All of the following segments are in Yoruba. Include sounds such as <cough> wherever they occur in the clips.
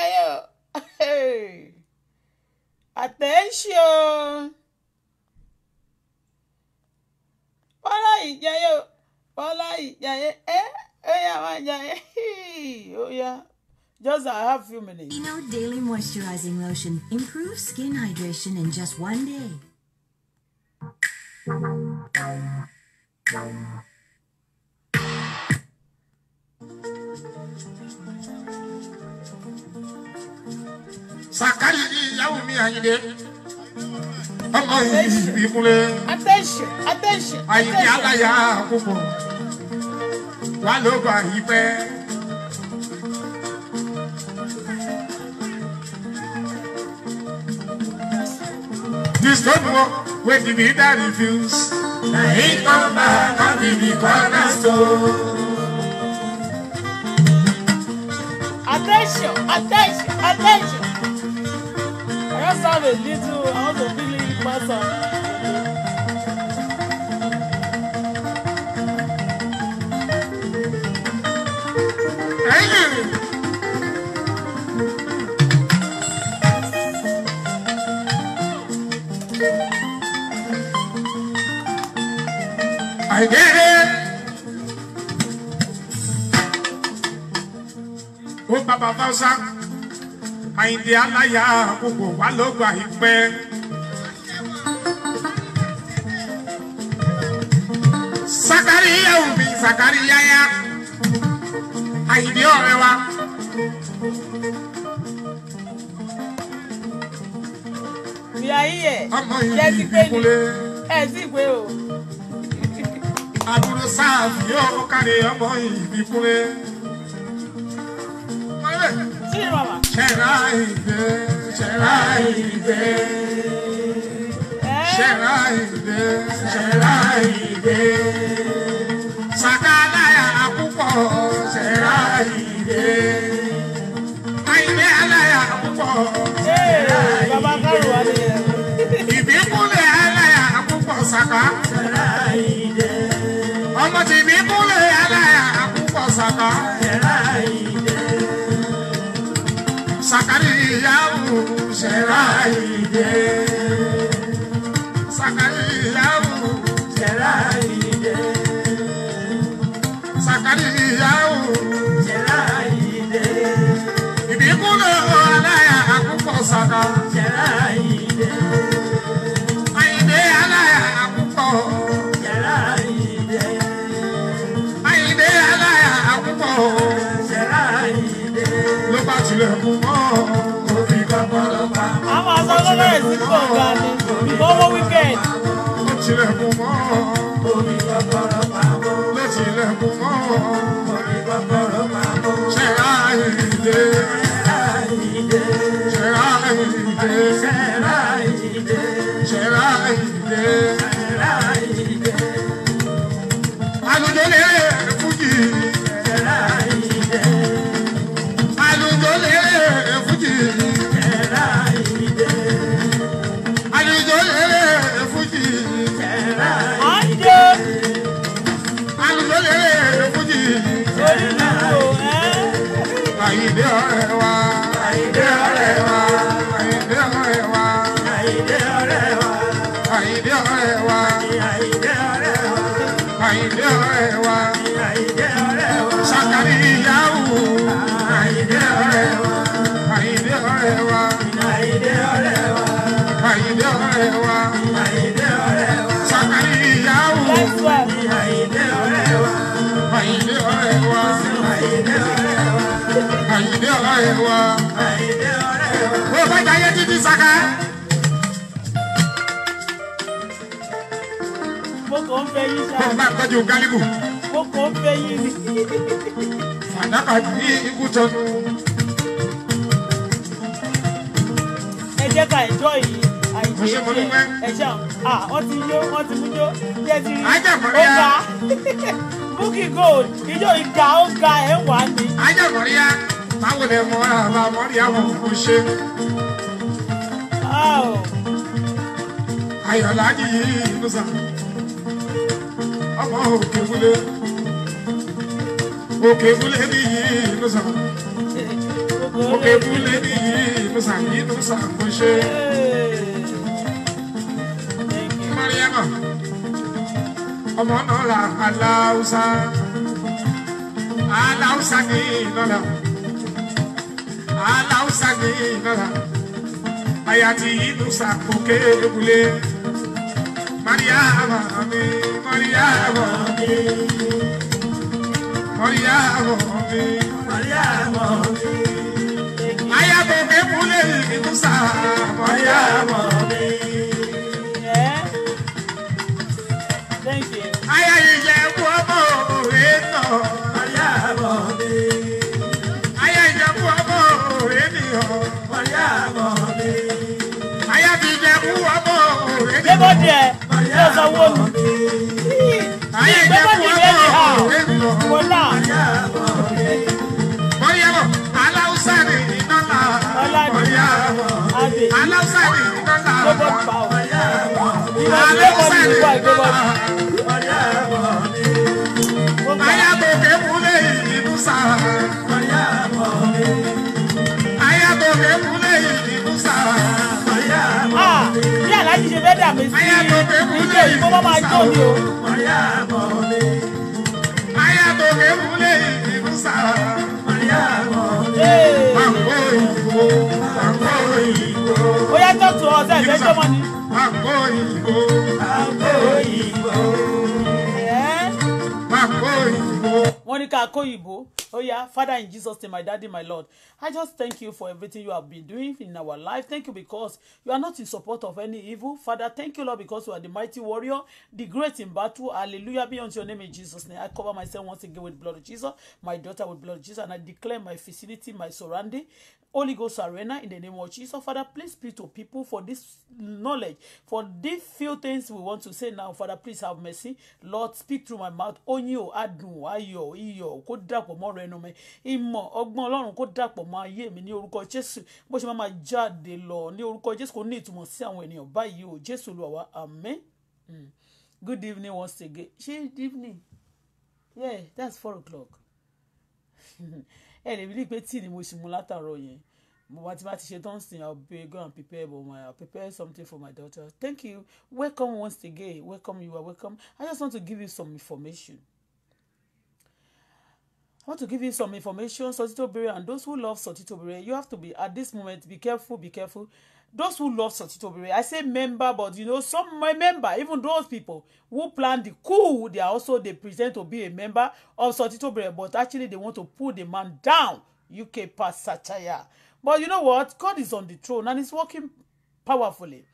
fire. Hey. Attention. Bọ́lá Ìjayé o. Bọ́lá Ìjayé ẹ́ ó yá máa Oh yeah, Just I have few minutes. Eno Daily Moisturizing Lotion improves skin hydration in just one day. sàkárì ní ìyàwó mi àyìnlé ọmọ ìbí múlẹ àyìnlé aláya púpọ̀ wà ló bá yí pẹ́. This don't work when the media refuse. Na he come back and be the Attention, attention, attention just have a little, ah. I want to feel it I did it. Oh, Papa Fausa àyìndé aláya gbogbo wa ló gbà yí pẹ́. sakariya òbí sakariya ya àyìndé ọ̀rẹ́ wa. ìyáyíyẹ ṣe ti pé ní ẹ sì pé o. àdúró sáà fi yóò kárí ọmọ ìbí kúnlẹ̀. Ṣẹ̀ráìdé, Ṣẹ̀ráìdé. Ṣẹ̀ráìdé, Ṣẹ̀ráìdé. Sàkálà yàrá púpọ̀, Ṣẹ̀ráìdé. Àyìnbé aláyàrá púpọ̀, Ṣẹ̀ráìdé. Bàbá Kárò wá ní. Sakariyahu Seraide. Sakariyahu Seraide. Sakariyahu Seraide. Ìbíkúnlẹ̀ ọ̀la yà àkókò sàkà. Seraide. bẹ̀rẹ̀ sí kọ̀ọ̀gá ni owó weekend. ó tilẹ̀kùn mọ́ orí bàbára máa bọ̀. lẹ́tìlẹ̀kùn mọ́ orí bàbára máa bọ̀. ṣe ráàyè ìdè. ṣe ráàyè ìdè. ṣe ráàyè ìdè. ṣe ráàyè ìdè. àyìndé ọ̀rẹ́ wa. Wọ́n fẹ́ jayé títí saka. Boko ń fẹ́ yín ṣáà. Bọ́ọ̀ bá tọ́jú gálíbù. Boko ń fẹ́ yín ni. Fàdákà ní ikú tọ́. Ẹ jẹ́ ká ẹ̀jọ́ yìí àyìndé tiẹ̀ ẹ̀ṣẹ̀ à wọ́n ti yó wọ́n ti mú yó yẹ́ ti rí ọ̀gá Bukky Gold ijó ìga ó ga ẹ̀ wá ni. Ajẹ́ kọ̀rí ya táwọn lè mọ àbá mọ́rí àwọn òkú ṣe. ayọ̀lájì yìí musa ọmọ òkè múlẹ̀ òkè múlẹ̀ nìyí musa òkè múlẹ̀ nìyí musa yìí musa kò ṣe. mọ́ríyàmọ̀ ọmọ náà là aláwùsá aláwùsá nìyí lọ́la aláwùsá ní ìnára àyàtì ìdùnsà òkè ebule Mariama mi Mariama mi Mariama mi Mariama mi ayàbọ̀ kẹ́kúlẹ̀ ìdùnsà Mariama mi. gbẹ́bọ̀dì ẹ̀ yóò sanwó mi gbẹ́bọ̀dì mi ẹ̀ lè ha wò là. aláwùsá ni iná la ọ̀yà aláwùsá ni iná la ọ̀yà aláwùsá ṣe fẹ́ dà mí sí ilé ìbò bá máa jó mi o. ó tó ọ̀sẹ̀ ìgbẹ́jọ́ mọ́ ni. wọ́n ní ká kó ìbò oh yeah father in jesus name my daddy my lord i just thank you for everything you have been doing in our life thank you because you are not in support of any evil father thank you lord because you are the mighty warrior the great in battle hallelujah be unto your name in jesus name i cover myself once again with blood of jesus my daughter with blood of jesus and i declare my facility my surrounding Holy Ghost arena in the name of Jesus. Father, please speak to people for this knowledge, for these few things we want to say now. Father, please have mercy. Lord, speak through my mouth. Oyin o, adùn, iyo. iyọ̀, kó dàpọ̀ mọ́ rẹ imo ogbon. Ìmọ̀ ọgbọ́n Ọlọ́run kó dàpọ̀ mọ́ ayé mi ní orúkọ Jésù. Bó ṣe máa ma jáde lọ ni orúkọ Jésù kò ní ìtumọ̀ sí àwọn ènìyàn báyìí o. Jésù Olúwa wa, àmín. Hmm. Good evening once again. Good evening? Yeah, that's four o'clock. <laughs> ẹ lè rí i pé tíì ni mo ṣì mu látàárọ̀ yẹn mo wá tí bá ti ṣe tán sìn i'll be go and prepare but my i'll prepare something for my daughter thank you welcome once again welcome you are welcome i just want to give you some information I want to give you some information. Sotito Bere, and those who love Sotito Bere, you have to be at this moment, be careful, be careful. Those who love Sotito Bere, I say member, but you know, some my member, even those people who plan the coup, they are also they present to be a member of Sotito Bere, but actually they want to pull the man down. UK past Satire. But you know what? God is on the throne and he's working powerfully.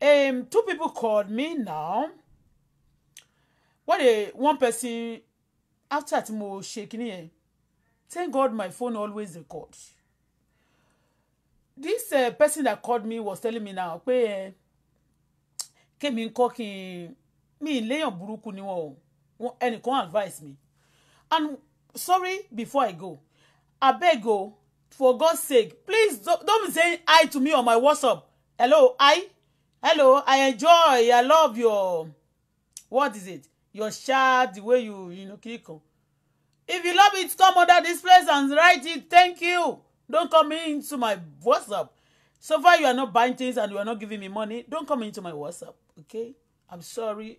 Um, two people called me now. What a one person after tí mo ṣe kíní yẹn thank God my phone always record this uh, person that called me was telling me now pé ẹ eh, kémi ń kọ́ kí n mi léèyàn burúkú ni wọn o ẹnìkan advice me and sorry before I go abeg o for God's sake please don't, don't say hi to me on my WhatsApp hello hi hello I enjoy I love your what is it your shirt the way you you know kick on if you love it come under this place and write it thank you don't come into my whatsapp so far you are not buying things and you are not giving me money don't come into my whatsapp okay i'm sorry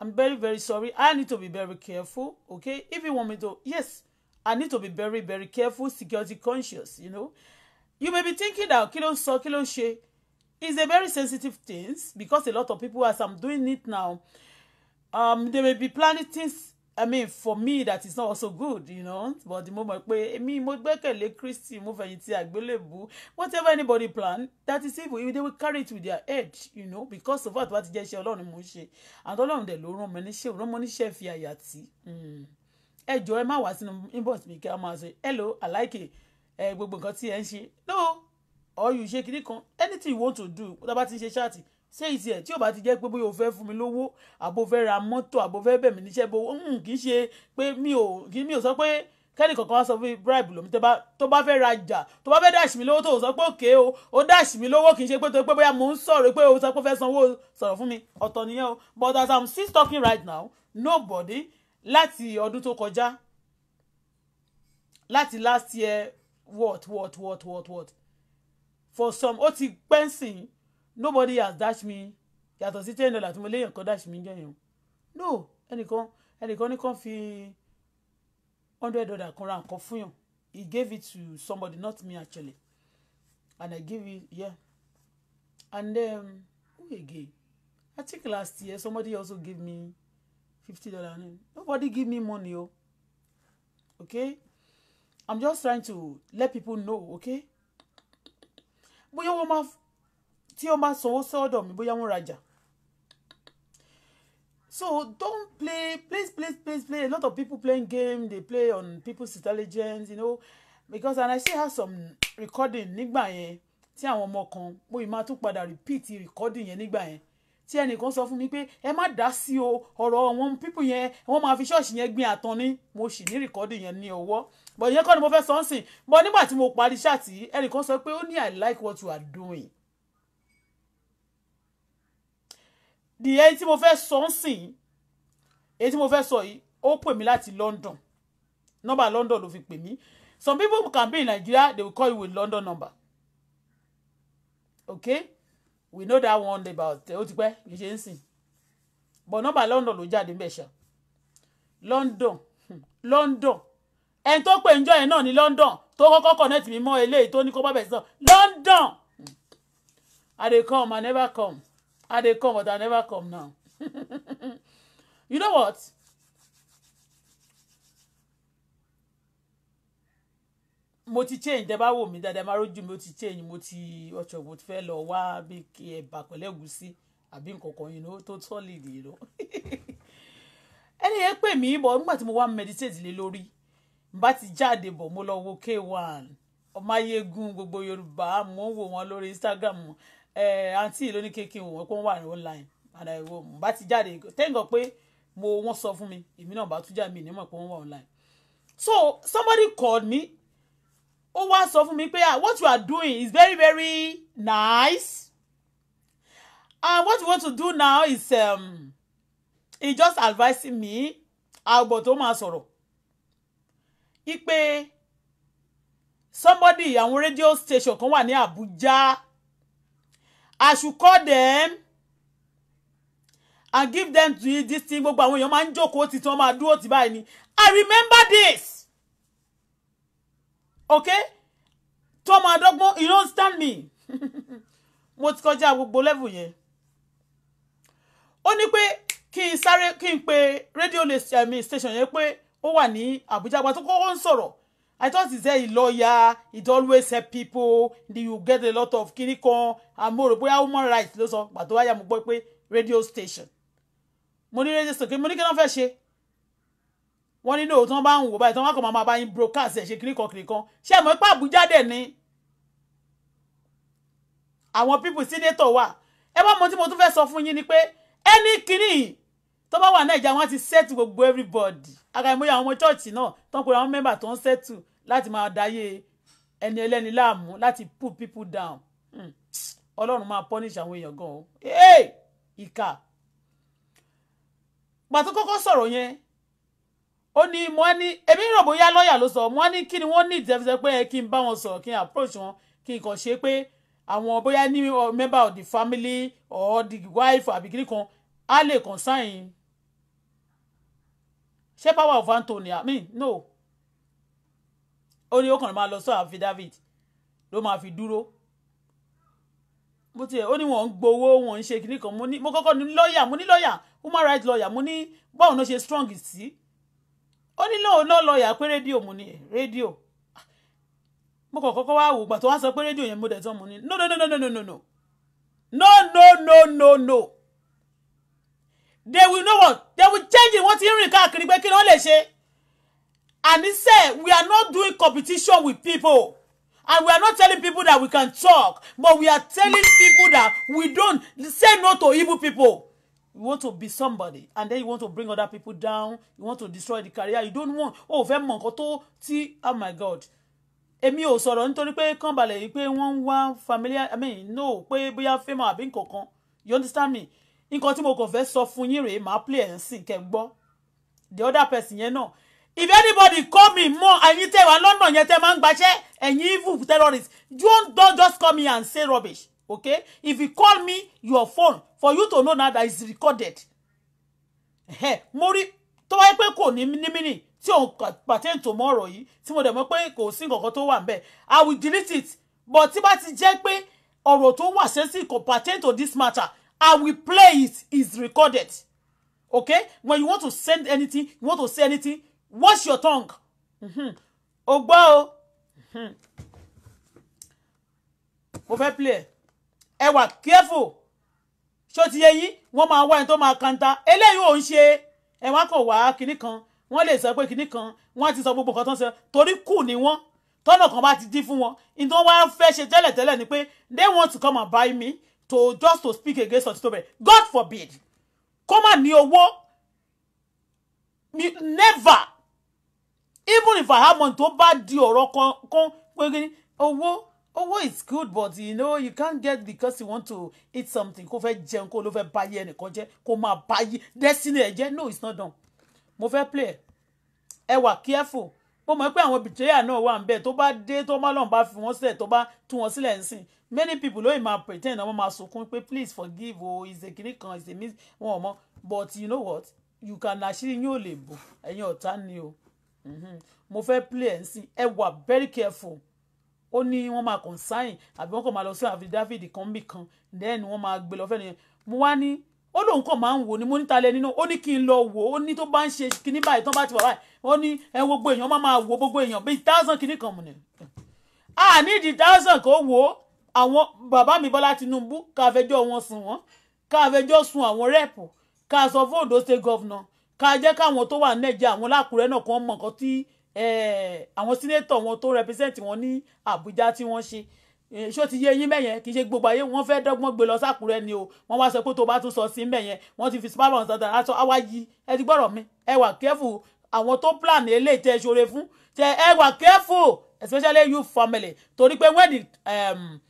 i'm very very sorry i need to be very careful okay if you want me to yes i need to be very very careful security conscious you know you may be thinking that kilo ló kilo she is a very sensitive thing because a lot of people as i'm doing it now um, they may be planning things I mean for me that is not also good you know but the moment pé èmi mo gbẹ́kẹ̀lé Kristi mo fẹ̀yìntì àgbélébùú whatever anybody plan that is evil they will carry it with their head you know because of what wọ́n ti jẹ́ iṣẹ́ Ọlọ́run mo and ṣe àti Ọlọ́run dẹ̀ ló rán mi níṣẹ́ rán mi níṣẹ́ fi àyà tì hmm. ẹ jọ ẹ má wá sínú inbox mi kí a máa hello I like it ẹ gbogbo nǹkan tí ẹ ń no or you shake kinní kan anything you want to do tá a bá ti ń ṣe ṣé ìtì ẹ̀ tí ò bá ti jẹ́ pé bóyá o fẹ́ fún mi lówó àbò fẹ́ ra mọ́tò àbò fẹ́ bẹ̀ mí níṣẹ́ bó hmm, kì í ṣe pé mi ò kì í mi ò sọ pé kẹ́ni kankan wá sọ fún mi bribe lomi tó bá fẹ́ ra jà tó bá fẹ́ dáṣì mi lówó tó sọ pé òkè o ó dáṣì mi lówó kì í ṣe pé tó pé bóyá mò ń sọ̀rọ̀ pé o sọ pé fẹ́ sanwó sọ̀rọ̀ fún mi ọ̀tọ̀ nìyẹn o but as i'm still talking right now nobody láti ọdún tó kọjá láti last year what what what what what for some ó ti pẹ́ńsìn nobody has dash me yàtọ̀ sí ten dollar tí mo léyìn kan dash mi jẹ́ yẹn o no ẹnìkan ẹnìkan ní kan fi hundred dollar kan ra nǹkan fún yàn he gave it to somebody not me actually and I give it yeah and then who again I think last year somebody also gave me fifty dollar nobody give me money o okay I'm just trying to let people know okay bóyá wọ́n máa tí wọ́n bá sanwó sọ́dọ̀ mi bóyá wọ́n rajà so don't play please, please, please play a lot of people playing game they play on people's intelligence you know because and I still have some recording nígbà yẹn tí àwọn ọmọ kan mo ì máa tún padà repeat recording yẹn nígbà yẹn tí ẹnìkan sọ fún mi pé ẹ má dá sí o ọ̀rọ̀ àwọn pípù yẹn wọ́n máa fi ṣọ́ọ̀ṣì yẹn gbin àtàn ni mo sì ní rìkọ́dì yẹn ní ọwọ́ bọ̀ yẹn kọ́ ni mo fẹ́ sọ ń sìn bọ̀ nígbà tí mo parí ṣáàtì ẹnìkan sọ pé ó ní i like what you are doing di èyí tí mo fẹ́ sọ ń sìn yìí èyí tí mo fẹ́ sọ yìí ó pè mí láti London Number London ló fi pè mí some people can be in Nigeria they will call you with London number okay we know that one about ó ti pẹ́ kì ṣe ń but number London ló jáde ń bẹ̀ ṣá London hmm, London ẹni tó pè ń jọ yẹn náà ní London tó kọ́kọ́ connect mi mọ́ eléyìí tó ní kó bá bẹ̀ sọ London hmm. I dey come I never come. I they come but I never come now. <laughs> you know what? mo change tẹ bá wò mí dáadáa máa rójú mi change mo ti ọ̀ṣọ́ mo ti fẹ́ lọ wá bí kí ẹ̀bà pẹ̀lẹ́ ẹ̀gúsí àbí nǹkan kan yìí tó solid you know? <laughs> ẹni yẹn pè mí bọ̀ nígbà tí mo wá meditate lé lórí n bá ti jáde bọ̀ mo lọ wo k1 ọmáyégún gbogbo yorùbá mo ń wò wọn instagram àǹtí eh, yìí ló ní kékin òun pé wà ní online padà ìwọ mo bá ti jáde tẹ́ǹgọ̀ pé mo wọ́n sọ fún mi èmi náà bá tún já mi nímọ̀ pé wà online so somebody called me ó wá sọ fún mi pé ah what you are doing is very very nice and what you want to do now is um, he just advising me àgbọ̀ tó máa sọ̀rọ̀ ipe somebody àwọn radio station kan wà ní Abuja I should call them and give them to eat this thing gbogbo àwọn èèyàn máa ń jókòó tí tí wọ́n máa dúró tì báyìí ni I remember this okay tó máa you don't stand me <laughs> mo ti kọjá gbogbo level yẹn ó ní pé kí n sáré kí n pe rédíò station yẹn pé ó wà ní Àbújá àgbà tó kọ́kọ́ ń sọ̀rọ̀ I thought he said he lawyer, it always help people, you get a lot of kinikan, and mo rò bóyá human rights ló But why wáyà mo gbọ́ pé radio station. Money ní radio station, mo ní kí wọ́n fẹ́ ṣe. Wọ́n ní lóòótọ́ bá ń wò báyìí, tí wọ́n kàn máa bá yín broadcast ẹ̀ ṣe kinikan kinikan. Ṣé ẹ̀ mọ̀ pé Àbújá dẹ̀ ni? Àwọn people senator wà. Ẹ bá mo tí mo tún fẹ́ sọ fún yín ni pé ẹni kìnnì tó bá wà Nàìjíríà wọ́n ti set gbogbo everybody àkàìmọye àwọn ọmọ chọ́ọ̀chì náà tán pé àwọn mẹ́mbà tó ń sẹ́tù láti máa dáyé ẹni ẹlẹ́ni láàmú láti pull people down hmm. ọlọ́run máa punish àwọn èèyàn gan o ìkà pàtó kọ́kọ́ sọ̀rọ̀ yẹn ó ní mo á ní èmi rò bóyá lọ́ọ̀yà ló sọ mo á ní kí ni wọ́n ní ìdẹ́fẹ́sẹ́ pé kí n bá wọn sọ̀rọ̀ kí n approach wọn kí n kàn ṣe pé àwọn bóyá ní uh, member of the family or the wife àbí kìnnìkan á lè consign ṣé power of Anthony I mean no ó ní ó kàn máa lọ sọ affidavit ló máa fi dúró bó tiẹ̀ ó ní wọ́n ń gbowó wọ́n ń ṣe kinní kan mo kọ́kọ́ ní lọ́ọ̀yà mo ní lọ́ọ̀yà human rights lawyer mo ní báwọn ló ṣe strong sí ó ní lóun náà lọ́ọ̀yà pé rédíò mo ní eh, rédíò mo kàn kọ́kọ́ wá wò gbà tó wá sọ pé rédíò yẹn mo dẹ̀ tán mo ní no no no no no no no no no no no no they will know what they will change it wọ́n ti rìn káàkiri pé kí ni wọ́n lè and he said we are not doing competition with people and we are not telling people that we can talk but we are telling people that we don't say no to evil people you want to be somebody and then you want to bring other people down you want to destroy the career you don't want oh fẹ́ mọ̀ ti oh my god èmi ò sọ̀rọ̀ nítorí pé kàn balẹ̀ yìí pé wọ́n ń wá familiar i mean no pé bóyá fẹ́mọ̀ àbí nǹkan kan you understand me nǹkan tí mo kàn fẹ́ sọ fún yín rèé màá play ẹ̀ sìn kẹ́ gbọ́ the other person yẹn náà if anybody call me more ẹ̀yin tẹ́ wà lọ́nà yẹn tẹ́ máa ń gbaṣẹ́ ẹ̀yin evil terrorist don't, don't just call me and say rubbish okay if you call me your phone for you to know now that it's recorded mo rí tó wáyé pé kò ní mímìnì tí òun pàtẹ́ǹ tó mọ́ ọ̀rọ̀ yìí tí mo dẹ̀ mọ̀ pé kò sí nǹkan tó wà níbẹ̀ i will delete it but tí bá ti jẹ́ pé ọ̀rọ̀ tó wà sẹ́sì kò pertain to this matter I will play it. It's recorded. Okay? When you want to send anything, you want to say anything, wash your tongue. Mm-hmm. Ogbo. Mm-hmm. Mo play. Ẹ wà careful. Ṣó ye yé yín? Wọ́n máa wá ẹni tó máa kanta. Eléyìí ò ń ṣe. Ẹ wá kàn wá kinní kan. Wan le sọ pé kinní kan. Wan á ti sọ gbogbo nǹkan tó ń sọ. Torí ni wan. tọ́nà kan bá ti dín fún wọn ìtàn wa fẹ́ ṣe tẹ́lẹ̀tẹ́lẹ̀ ni pe. they want to come and buy me to just to speak against Auto Tobe God forbid Come má ní owó never even if I have money tó bad deal or kan kan pé owó owó is good but you know you can't get because you want to eat something kó fẹ́ jẹun kó ló fẹ́ báyé ẹnìkan jẹ́ kó máa báyé destiny ẹ̀ jẹ́ no it's not done mo fẹ́ play ẹ wà careful mo mọ̀ pé àwọn bìtẹ́yà náà wà níbẹ̀ tó bá dé tó má lọ́n bá fi wọ́n sílẹ̀ tó bá tú wọn sílẹ̀ ńsìn many people lóyìn máa pretend àwọn máa sunkún pé please forgive o ìṣe kiri kan ìṣe mi wọn ò mọ but you know what you can àṣírí yín ò lè bò ẹ̀yin ọ̀tá ni o mm-hmm. mo fẹ́ play ẹ̀ ńsìn ẹ wà very careful ó ní wọ́n máa consign àbí wọ́n kàn máa lọ sí àfi David kan bì kan then wọ́n máa gbé lọ fẹ́ nìyẹn mo wá ní ó lóun kàn máa ń wò ní mọ́nítà lẹ́ni náà ó ní kí n lọ wò ó ní tó bá ń ṣe kíní báyìí tó bá ti wà báyìí ó ní ẹ gbogbo èèyàn má máa wo gbogbo èèyàn bíi thousand kìíní kan mu ni a ní ìdí thousand kò wò ó àwọn bàbá mi Bọ́lá Tinubu ká fẹjọ́ wọn sùn wọ́n ká fẹjọ́ sun àwọn rẹ́ẹ̀pù ká sọ fún Ondo state governor ká jẹ́ káwọn tó wà nẹ́jà àwọn lákùrẹ́ náà kan mọ̀ nǹkan tí àwọn sínétọ̀ wọn tó rẹpísẹ́ǹtì wọn ní Àbújá tí wọ́n ṣe ṣó ti yé yín mẹ́yẹn kì í ṣe gbogbo ayé wọ́n fẹ́ẹ́ dọ́gbọ́n gbé lọ sákùrẹ́ ni o wọ́n wá sọ pé tó bá tún sọ sí mẹ́yẹn wọ́n ti fi spamọ́ sọ̀tàn aṣọ àwáyí ẹ ti gbọ́rọ̀ mi ẹ wà kẹ́fù àwọn tó plan eléyìí tẹ́ ṣoore fún tẹ́ ẹ wà careful especially you family torí pé when the um,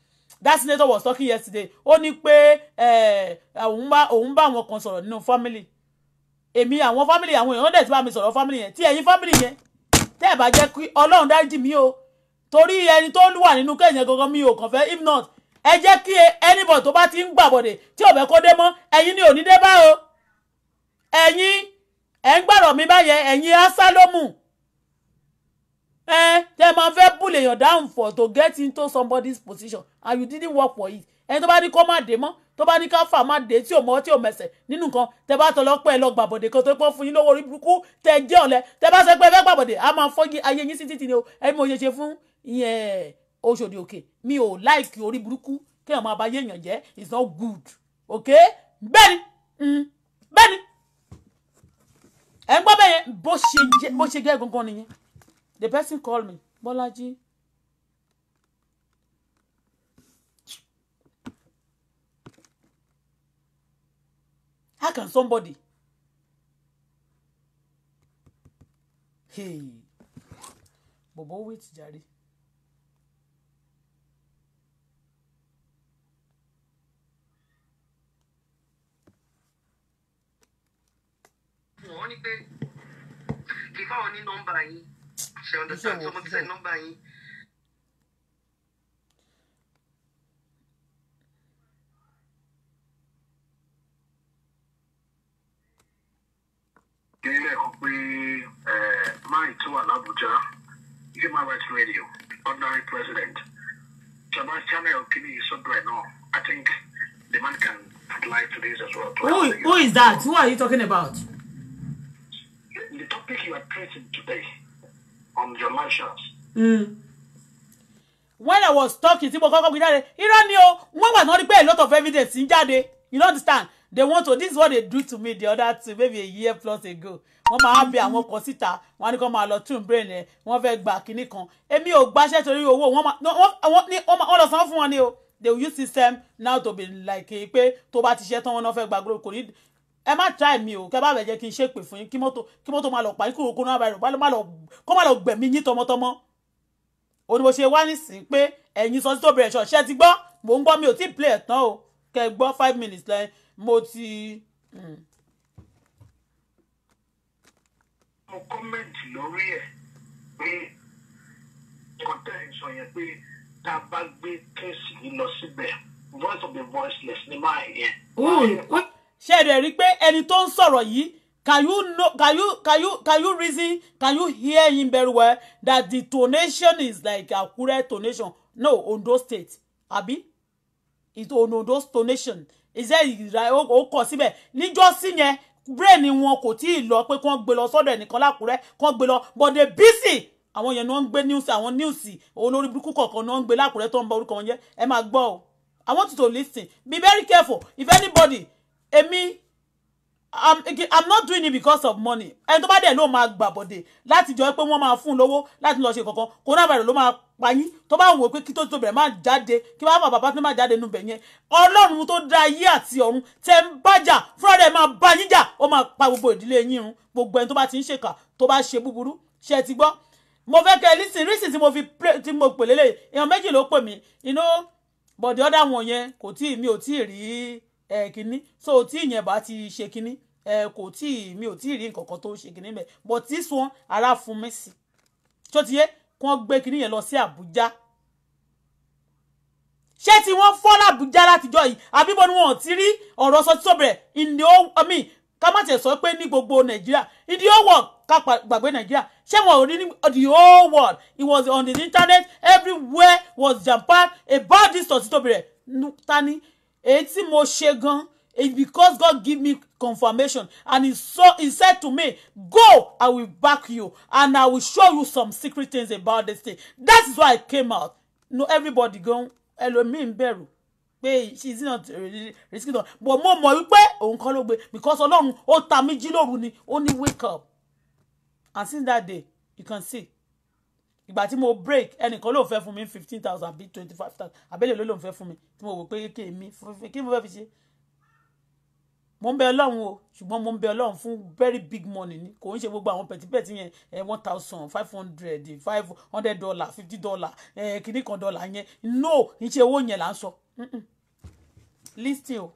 that senator was talking yesterday ó ní pé eh, òun bá òun bá àwọn kan sọ̀rọ̀ nínú family èmi àwọn family àwọn èèyàn dẹ̀ ti bá mi sọ̀rọ̀ family yẹn tí ẹ̀yin family yẹn tẹ́ ẹ̀ bá jẹ́ kí ọlọ́run dáríjì mí o torí ẹni tó wà nínú kẹ́yìn gangan mi ò kàn fẹ́ if not ẹ jẹ́ kí anybody tó bá ti ń gbàbọ̀dẹ̀ tí ọ̀bẹ kó dé mọ́ ẹ̀yin ni ò ní dé bá o ẹ̀yin ẹ̀ ń gbàrọ̀ mi báyẹn ẹ̀yin asálómù ẹ tẹ́ máa fẹ́ bùlẹ̀ yàn down for to get into somebody's position and you didn't work for it ẹni tó bá ní kó má dé mọ́ tó bá ní ká fà má dé tí ò mọ́ tí ò mẹsẹ̀ nínú nǹkan tẹ bá tọlọ pẹ́ lọ gbàbọ̀dé kan tó pọ́ fún yín lówó orí burúkú tẹ jẹ́ ọ̀lẹ tẹ bá sọ pé ẹ fẹ́ gbàbọ̀dé a máa fọ́gi ayé yín sí títì ni o ẹ mọ̀ ṣe ṣe fún ìyẹn Oṣòdì Òkè mi ò láìkì orí burúkú kéèyàn máa bá yéèyàn jẹ́ it's not good okay bẹ́ẹ̀ni mm, bẹ́ẹ̀ni ẹ ń gbọ́ bẹ́ẹ̀ bó ṣe jẹ́ bó ṣe jẹ́ gangan nìyẹn the person call me Bọ́lájí. how can somebody hey bobo wait jare. wọ́n ní pé kí fáwọn ní nọ́mbà yín ṣe understand so mo ti send nọ́mbà yín. ilé ẹ̀kọ́ pé máì tó wà lábújá human rights radio ordinary president jaba channel kìíní sọ́dọ̀ ẹ̀ náà I think the man can apply to this as well. Who, who is that? Who are you talking about? the topic you are treating today on your live shows. Mm. When I was talking tí mo kọ́kọ́ gbé jáde irọ́ ni o wọ́n wà náà rí a lot of evidence ń jáde you know understand they want to this is what they do to me the other two maybe a year plus ago wọ́n máa bẹ àwọn kan síta wọ́n á ní kó máa lọ tún brain ẹ̀ wọ́n fẹ́ gba kinní kan èmi ò gbàṣẹ́ torí owó wọ́n máa wọ́n lọ san fún wọn ni o they will use system now to be like pé tó bá ti ṣe tán wọn náà fẹ́ gba kò ní ẹ má try mi o kẹ bá bẹ jẹ́ kí n ṣépè fún yín kí mọ́tò kí mọ́tò máa lọ pa ikú ogun náà báyìí kó má lọ gbẹ̀mí yín tọmọtọmọ òní mo ṣe wá nísìnyí pé ẹ̀yin sọ sí tó bẹ̀rẹ̀ ṣọ̀ṣẹ́ ti gbọ́ mò ń gbọ́ mi ò tí ì play ẹ̀ tán o kẹ gbọ́ five minutes lẹ́yìn mo ti. Hmm. mo kọ́mẹ̀ntì lórí ẹ̀ pé kọ́tẹ́ ìsọ yẹn pé tá a bá gbé kéèsì yìí lọ síbẹ̀ voice of the voiceless ní máa yẹn ṣe rẹ̀ rí pé ẹni tó ń sọ̀rọ̀ yìí can you know can you can you can you reason can you hear him very well that the donation is like Akure donation no Ondo state abi it's Ondo donation ìṣe ìrà ó kọ síbẹ̀ níjọ́sí yẹn brain wọn kò tí ì lọ pé kí wọ́n gbé lọ sọ́dọ̀ ẹnìkan lákùrẹ́ kí wọ́n gbé lọ but they busy àwọn yẹn ni wọ́n ń gbé news àwọn news olórí burúkú kọ̀ọ̀kan ni wọ́n ń gbé lákùrẹ́ tó ń bá orúkọ wọn jẹ́ ẹ máa gbọ́ o I want you to listen be very careful if anybody èmi I'm, I'm not doing it because of money ẹni tó bá dẹ̀ ló máa gbàbọ̀dẹ̀ láti jọ pé wọ́n máa fún un lówó láti lọ ṣe kankan coronavirus ló máa pa yín tó bá wò pé kí tó tó bẹ̀rẹ̀ máa jáde kí bá bàbá bá tó máa jáde nù bẹ̀ yẹn ọlọ́run tó dá ayé àti ọ̀run tẹ̀ ń bájà fúnra rẹ̀ máa bá yín jà ó máa pa gbogbo ìdílé yín run gbogbo ẹni tó bá ti ń ṣèkà tó bá ṣe búburú ṣe ti gbọ́ mo fẹ́ kẹ́ lísìn mi ò rí ẹ kínní so tí ìyẹn bá ti ṣe kínní ẹ kò tí ì mi ò tí ì rí nǹkan tó ṣe kínní bẹ but this one ara fún mi sí tó ti yé kí wọ́n gbé kínní yẹn lọ sí Àbújá ṣé tí wọ́n fọ́ làbújá látijọ́ yìí àbíbọ ni wọn ò ti rí ọ̀rọ̀ sọ títọ́ bẹ̀rẹ̀ ìdí ó mi ká má tẹ̀ sọ pé ní gbogbo Nàìjíríà ìdí ó wọ̀ ká gbàgbé Nàìjíríà ṣé wọn ò rí ní the whole world it was on the internet everywhere was jam packed about this sọ títọ́ bẹ̀rẹ̀ ta ni èyí tí mo ṣe gan it's because God give me confirmation and he saw. he said to me go I will back you and I will show you some secret things about this thing that is why I came out no everybody gan ẹlòmíì ń bẹ̀rù pé she is not risky don but mo mọ̀ wípé òun kọ́ ló gbé because ọlọ́run ó ta mí jí lóru ni ó ní wake up and since that day you can see ìgbà tí mo break ẹnìkan ló ń fẹ́ fún mi fifteen thousand àbí twenty five thousand àbẹ́lẹ̀ ló ló ń fẹ́ fún mi tí mo wò pé kí èmi kí mo fẹ́ fi ṣe mo ń bẹ ọlọ́run o ṣùgbọ́n mo ń bẹ ọlọ́run fún very big money ni kò ń ṣe gbogbo àwọn pẹ̀típẹ̀tì yẹn eh, one thousand five hundred five hundred dollar fifty dollar ẹ eh, kìíní kan dollar yẹn no ń ṣe owó yẹn là ń sọ listing o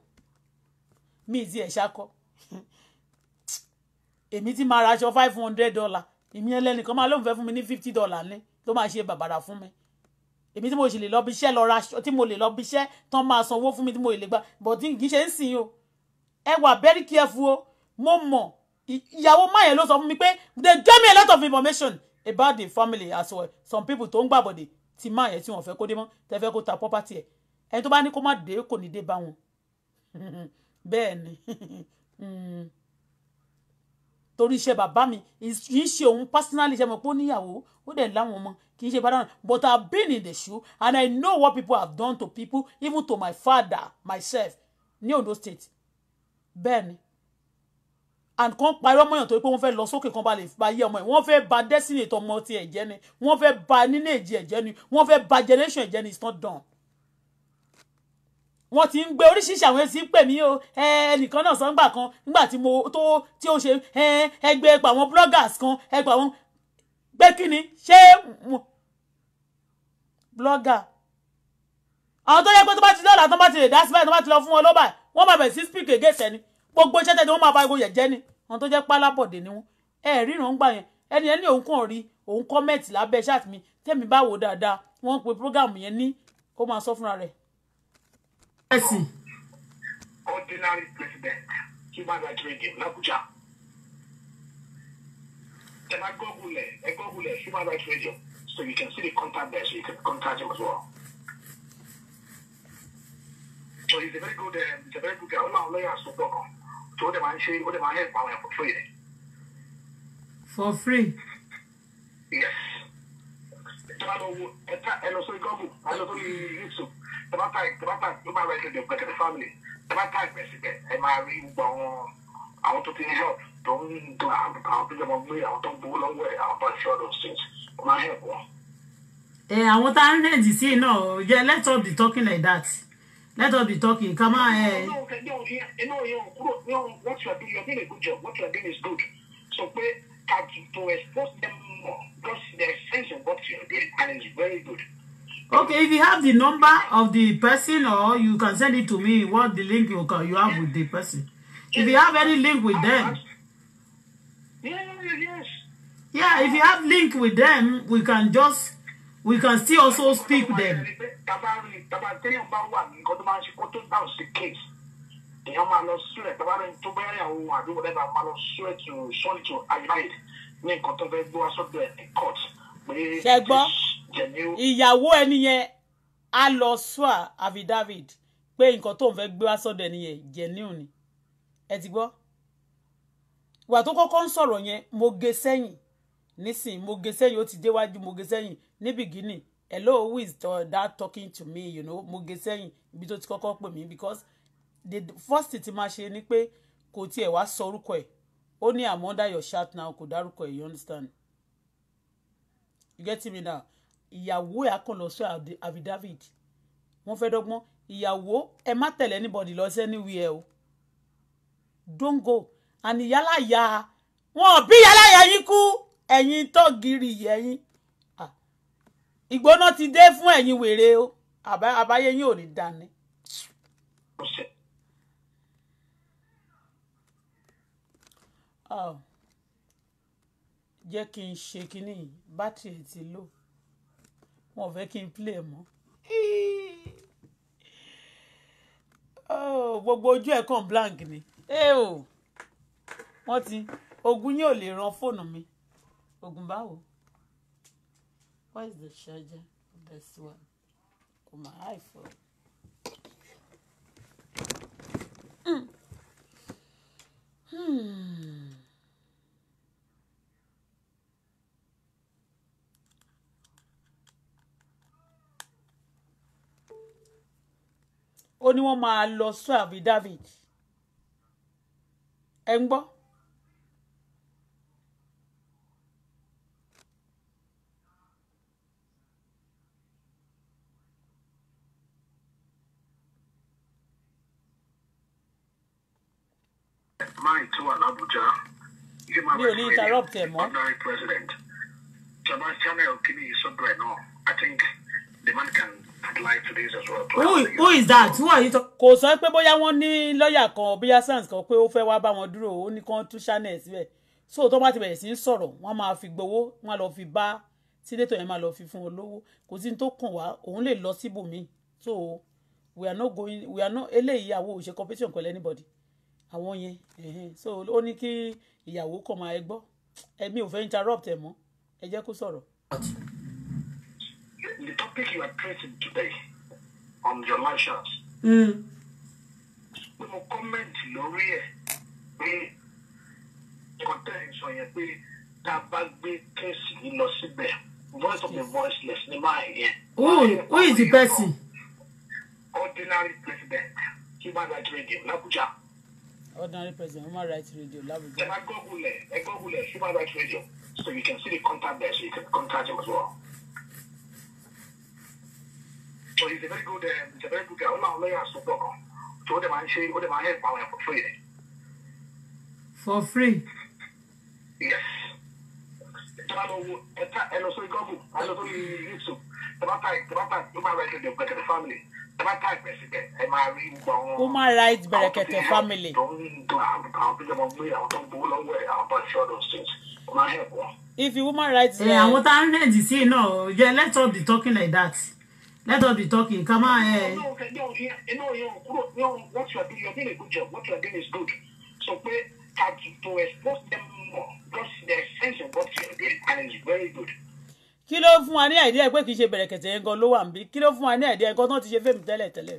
mi ì ti ẹ̀ ṣakọ <laughs> èmi ti máa ra aṣọ five hundred dollar èmi ẹlẹ́nìkan máa lóun fẹ́ fún mi ní fifty dollars. ní tó máa ṣe bàbàrà fún mi èmi tí mo sì lè lọ bí iṣẹ́ lọ ra tí mo lè lọ bí iṣẹ́ tán máa san owó fún mi tí mo lè gbà bọ̀ kì í ṣe ń sìn o ẹ wà very careful o mo mọ̀ ìyàwó máyẹ̀ ló sọ fún mi pé they gave me a lot of information about the family as well some people tó ń gbàbọ̀dẹ̀ ti máyẹ̀ tí wọ́n fẹ́ kó dé mọ́ tẹ́ fẹ́ kó ta property ẹ̀ ẹni tó bá ní kó má dé kò ní dé bá wọn <laughs> bẹ́ẹ̀ ni. <laughs> Hmm torí iṣẹ́ bàbá mi kì í ṣe òun personally ṣe mọ̀ pé ó níyàwó ó dẹ̀ láwọn ọmọ kì í ṣe bàdàn but I've been in the shoe and I know what people have done to people even to my father myself ní Ondo state bẹ́ẹ̀ ni and kan parí ọmọ yàn torí pé wọ́n fẹ́ lọ sókè kan ba lè ba yé ọmọ yẹn wọ́n fẹ́ ba destiny tọmọ ti ẹ̀jẹ̀ ni wọ́n fẹ́ ba nílé ìjì ẹ̀jẹ̀ ni wọ́n fẹ́ ba generation ẹ̀jẹ̀ ni it's not done wọ́n ti ń gbé oríṣiríṣi àwọn èsì ń pè mí o ẹnìkan náà sọ́ngbà kan nígbà tí mo tó tí ó ṣe ẹgbẹ́ ẹgbẹ́ àwọn bloggers kan ẹgbẹ́ àwọn gbé kíni ṣé blogger àwọn tó yẹ pé tó bá ti lọ́la tó bá ti lè dá sí báyìí tó bá ti lọ fún wọn lọ́ba wọ́n máa bẹ̀rẹ̀ sí speak again sẹ́ni gbogbo iṣẹ́ tẹ́ni wọ́n máa fa egoyẹ̀ jẹ́ ni àwọn tó jẹ́ pálábọ̀dé ni wọ́n ẹ ríran gbà yẹn ẹni ẹni òun kàn rí òun kọ́mẹ̀tì lábẹ́ ṣáàtì mi tẹ́mi bá wò dáadáa wọ́n pe program yẹn ní ó máa sọ fúnra rẹ̀ Esi. Ordinary president, human rights radio, L'Abuja. Then I go Google, I go Google human rights radio, so you can see the contact there, so you can contact him as well. So he's a very good, um, he's a very good guy. All our lawyers to work So what am I saying? What am I help our for free? For free. Yes. Then I go, I go to Google, I go to YouTube ẹ bá type ẹ bá type human rights leader pẹ̀lú the family ẹ bá type ẹ síbẹ̀ ẹ máa rí gbogbo àwọn àwọn tó ti ní help tó ń gbà àwọn tó jọmọ gbé àwọn tó ń gbowó lọ́wọ́ ẹ̀ àwọn tó ń ṣe ọdún sí ọ máa help wọn. ẹ àwọn tá a ń rèjì sí náà yẹ let us be talking like that let us be talking ká máa. Eh. inú yóò kúrò ní what you are doing you are doing a good job what you are doing is good so pé ka to expose them more because the sense of what you are doing and it's very good. Okay, if you have the number of the person or you can send it to me, what the link you, can, you have with the person. If you have any link with them. Yeah, yes. Yeah, if you have link with them, we can just, we can still also speak them. èèyàn ṣe gbọ́ ìyàwó ẹni yẹn á lọ sùà àfidávid pé nǹkan tó ń fẹ́ gbé wá sọ́dọ̀ ẹni yẹn genuine ni ẹ ti gbọ́ ìwà tó kọ́kọ́ ń sọ̀rọ̀ yẹn mo gé sẹ́yìn nísìn mo gé sẹ́yìn ó ti déwájú mo gé sẹ́yìn ní bìgínì hello who is that talking to me you know mo gé sẹ́yìn ibi tó ti kọ́kọ́ pè mí because the first thing ti máa ṣe ni pé kò tiẹ̀ wá sọ orúkọ ẹ̀ ó ní àmọ́ dayọ̀ shat now kò dárúkọ ẹ̀ you understand you get me now ìyàwó ẹ̀ akọ̀lọ́sọ àbídávid wọ́n fẹ́ dọ́gbọ́n ìyàwó ẹ má tẹ̀lé anybody lọ sí anywhere o don't go and ìyálà ya wọn ò bí ìyálà ya yín kú ẹ̀yin tọ́gìrì ẹ̀yin ìgbóná ti dé fún ẹ̀yin wèrè o àbáyé yín ò ní dání. Oh jẹ́ kí n ṣe kínní bátìrì ẹ̀ ti lò wọn ò fẹ́ kí n play ẹ̀ mọ́ oh, gbogbo ojú ẹ̀ kàn blank ni eo eh wọ́n ti ogun yóò lè ran fóònù mi ogun báwo where is the charger of this one for my iPhone. Mm. Hmm. hmm. ó ní wọ́n máa lọ sọ àbí David ẹ ń gbọ́. máì tó wà lábújá human rights lady ordinary president jaba channel náà I think the man can who, who is that who are you talking. kò sọ pé bóyá wọ́n ní lọ́ọ̀yà kan bóyá sans kan pé ó fẹ́ wá bá wọn dúró ó ní kán tú channel síbẹ̀ so tó bá ti bẹ̀rẹ̀ sí í sọ̀rọ̀ wọ́n máa fi gbowó wọ́n lọ fi bá sínétọ̀ yẹn máa lọ fi fún olówó kò sí ní tó kàn wá òun lè lọ síbòmíì so we are not going we are not eléyìí àwọn òṣè competition pẹ̀lú anybody àwọn yẹn so ó ní kí ìyàwó kọ̀ máa gbọ́ ẹ̀mí ò fẹ́ interrupt ẹ̀ mọ́ ẹ jẹ́ kó sọ̀rọ̀ the topic you are tracing today on your mansions. pé hmm. mo comment lórí ẹ̀ pé kọ́tẹ́ so yẹn pé tá a bá case kéèsì yìí lọ voice of the voiceless ní máa yẹn. who is the person? ordinary president human rights radio l'Abuja. ordinary president human rights radio l'Abuja. ẹ bá gọ́gùlẹ̀ ẹ gọ́gùlẹ̀ human rights radio so you can see the contact there so you can contact him as well so he's a very good um, he's a very good guy ó láwọn lọ́yà sọ́pọ̀ kan so ó dẹ̀ máa ń ṣe ó dẹ̀ máa for free. for free. yes tọ́ba lọ wo ẹ̀ka ẹ family if a woman writes. Eh, àwọn tá a you rẹ̀ǹdì No, náà let up the talking like that. Let us be talking. Come on. Eh. No, no, eh, no, eh, eh, no, no, what you are doing, you're doing a good job. What you are doing is good. So pay to expose them more. Just the sense of what you are doing and it's very good. kí ló fún wa ní àìdí ẹ pé kì í ṣe bẹ̀rẹ̀kẹ̀tẹ̀ yẹn gan ló wà níbí kí ló fún wa ní àìdí ẹ gan tó ti ṣe fẹ́mi tẹ́lẹ̀ tẹ́lẹ̀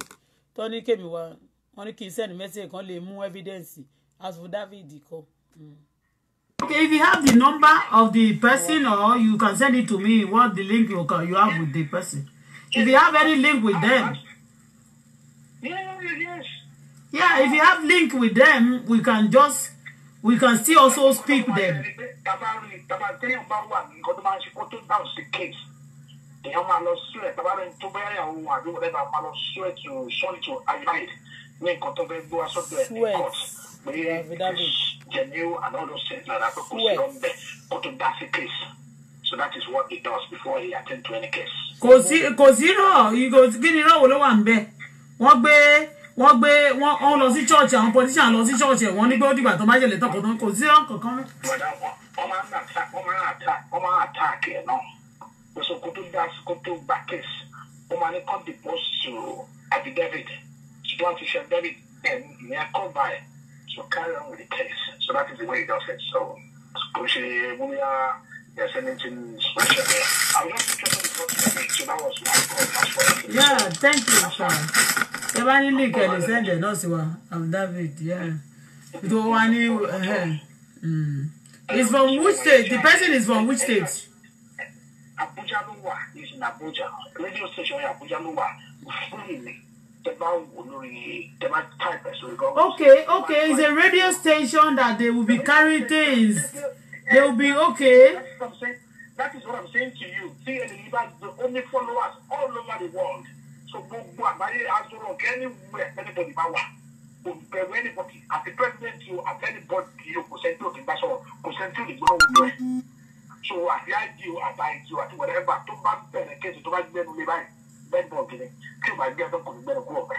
tó ní kémi wa wọn ní kí n sẹ́ni mẹ́sẹ̀ kan lè mú evidence as for David kọ. Hmm. Okay, if you have the number of the person or you can send it to me what the link you, you have with the person. If you have any link with them. Yeah, yes. Yeah, if you have link with them, we can just we can still also speak them. Sweat. máa lọ sílẹ̀ bàbá rẹ̀ tó bẹ́ẹ̀ yàwó àdúgbò rẹ̀ máa lọ sílẹ̀ tó sọ́ọ̀lì tó àyíláìdì ní nǹkan tó bẹ́ẹ̀ gbé wá sọ́dọ̀ ẹ̀ ní court pé jẹ̀míú àná lọ sí ẹ̀ lára pé kò sí ọ̀nbẹ kó tó dá sí case so that is what he does before he attend to any case. kò sí kò sí rọ kí ni rọ wo ló wà ń bẹ wọ́n gbé wọ́n gbé wọ́n wọ́n lọ sí church àwọn politician lọ sí church wọ́n ní pé ó dìgbà tó má ṣẹlẹ̀ tọkọ tán kò sí ọ̀n kankan mẹ́. wọ́n máa ń attack wọ́n máa ń attack wọ́n máa ń attack ẹ̀ náà lọ́sọ̀ kó tó dá kó tó gba case wọ́n máa ní come depose to affidavit ṣùgbọ́n ti ṣe david ẹ̀ ní ẹ̀ kọ́ so carry on with the case so that is the way he does it so kò ṣe múlíà. Yeah, thank you, Sean. The bá nílé ìkẹlẹ̀ is náà Not wa, I'm David, yeah. Tó wá ní eh, hmm. It's from which state? The person is from which state? Abuja ló wà, he's in Abuja. Radio station Abuja ló wà, free me. Okay, okay, it's a radio station that they will be carrying things. They will be okay. That is what I'm saying. That is what I'm saying to you. See, and you the only followers all over the world. So gbogbo àgbáyé aṣọ́rọ̀ anywhere anybody bá wà. Kò bẹ̀rù anybody àti president yóò àti anybody you kò sẹ́ńtì òkè bá sọ̀rọ̀ kò sẹ́ńtì òkè gbọ́dọ̀ wù ẹ́. So àti àjì o àti àìjì o àti whatever tó bá bẹ̀rẹ̀ kéèsì tó bá gbẹ́nu lé báyìí bẹ́ẹ̀ bọ̀ gẹ̀rẹ́ tí o bá my ẹgbẹ́ don't ní gbẹ́nu kú ọ̀bẹ.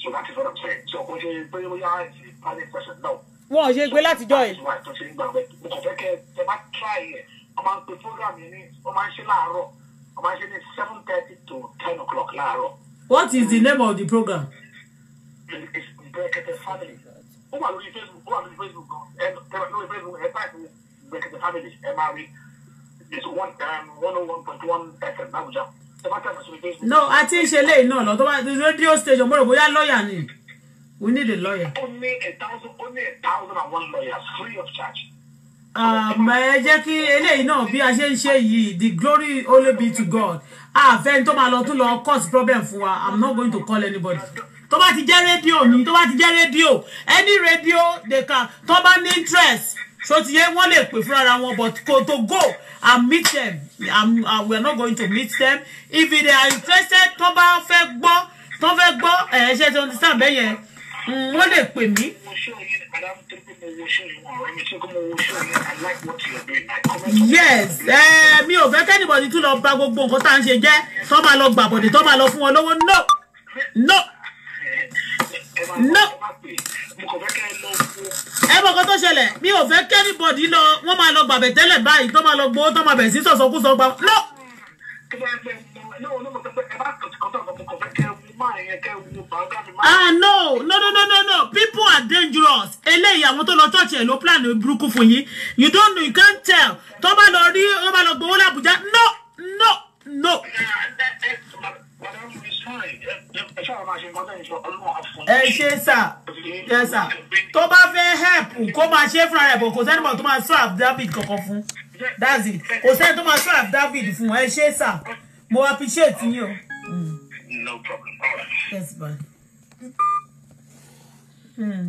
So that is what I'm saying. So kò ṣe pé ó yá ìpàdé pẹ̀sẹ̀ náà. Wọ́n ò ṣe gbé látijọ́ yìí try yẹ wọ́n máa program yẹn ní wọ́n máa ń ṣe láàárọ̀ wọ́n máa ń ṣe ní seven thirty to ten o'clock láàárọ̀. what is the name of the program. it's Brekete family ó wà lórí Facebook ó wà lórí Facebook gan ẹ lórí Facebook ẹ báyìí fún Brekete family ẹ máa rí it's one um, one oh one point one fm Abuja no a ti ń ṣe léyìn náà lọ́tọ́ bá radio station mo rò bóyá lọ́ọ̀yà ni we need a lawyer. ó ní a thousand ó a thousand and one lawyers free of charge ẹ jẹ́ kí eléyìí náà bí a ṣe ń ṣe yìí the glory only be to God àfẹ́ tó máa lọ tún lọ cause problem fún wa I'm not going to call anybody tó bá ti jẹ́ rédíò ni tó bá ti jẹ́ rédíò any radio, they can tó bá ní interest so ti yẹ wọ́n lè pè fúnra wọn but kò tó go and meet them I'm, uh, we are not going to meet them if they are interested tó bá fẹ́ gbọ́ tó fẹ́ gbọ́ ẹ̀ ṣe ti understand bẹ́ẹ̀ yẹn mm, wọ́n lè pè mí yes eh, mi ò fẹ́ kẹ́nìbọ̀dì tún lọ bà gbogbo nǹkan tá à ń ṣe jẹ́ tó máa lọ gbàbọ̀dì tó máa lọ fún wọn lọ́wọ́ no no no ẹ mọ̀ kan tó ṣẹlẹ̀ mi ò fẹ́ kẹ́nìbọ̀dì lọ wọ́n máa lọ gbàbẹ̀ tẹ́lẹ̀ báyìí tó máa lọ gbowó tó máa bẹ̀ sí sọ̀sọ̀kúsọ gbà no ah no no no no no no people are dangerous eléyìí àwọn tó lọ church ẹ̀ ló plan burúkú fún yín you don't know you can't tell tó bá lọ rí tó bá lọ gbowó làbújá no no no. ẹ ṣe sà ẹ sà tó bá fẹ́ help kó máa ṣe fúnra rẹ̀ bọ̀ kò sẹ́ni mọ̀ tó máa sọ àbúdábìd kankan fún that's it kò sẹ́ni tó máa sọ àbúdábìd fún ẹ ṣe sà mo appreciate yín o. Mm. No problem. All right. Yes, bud. Hmm.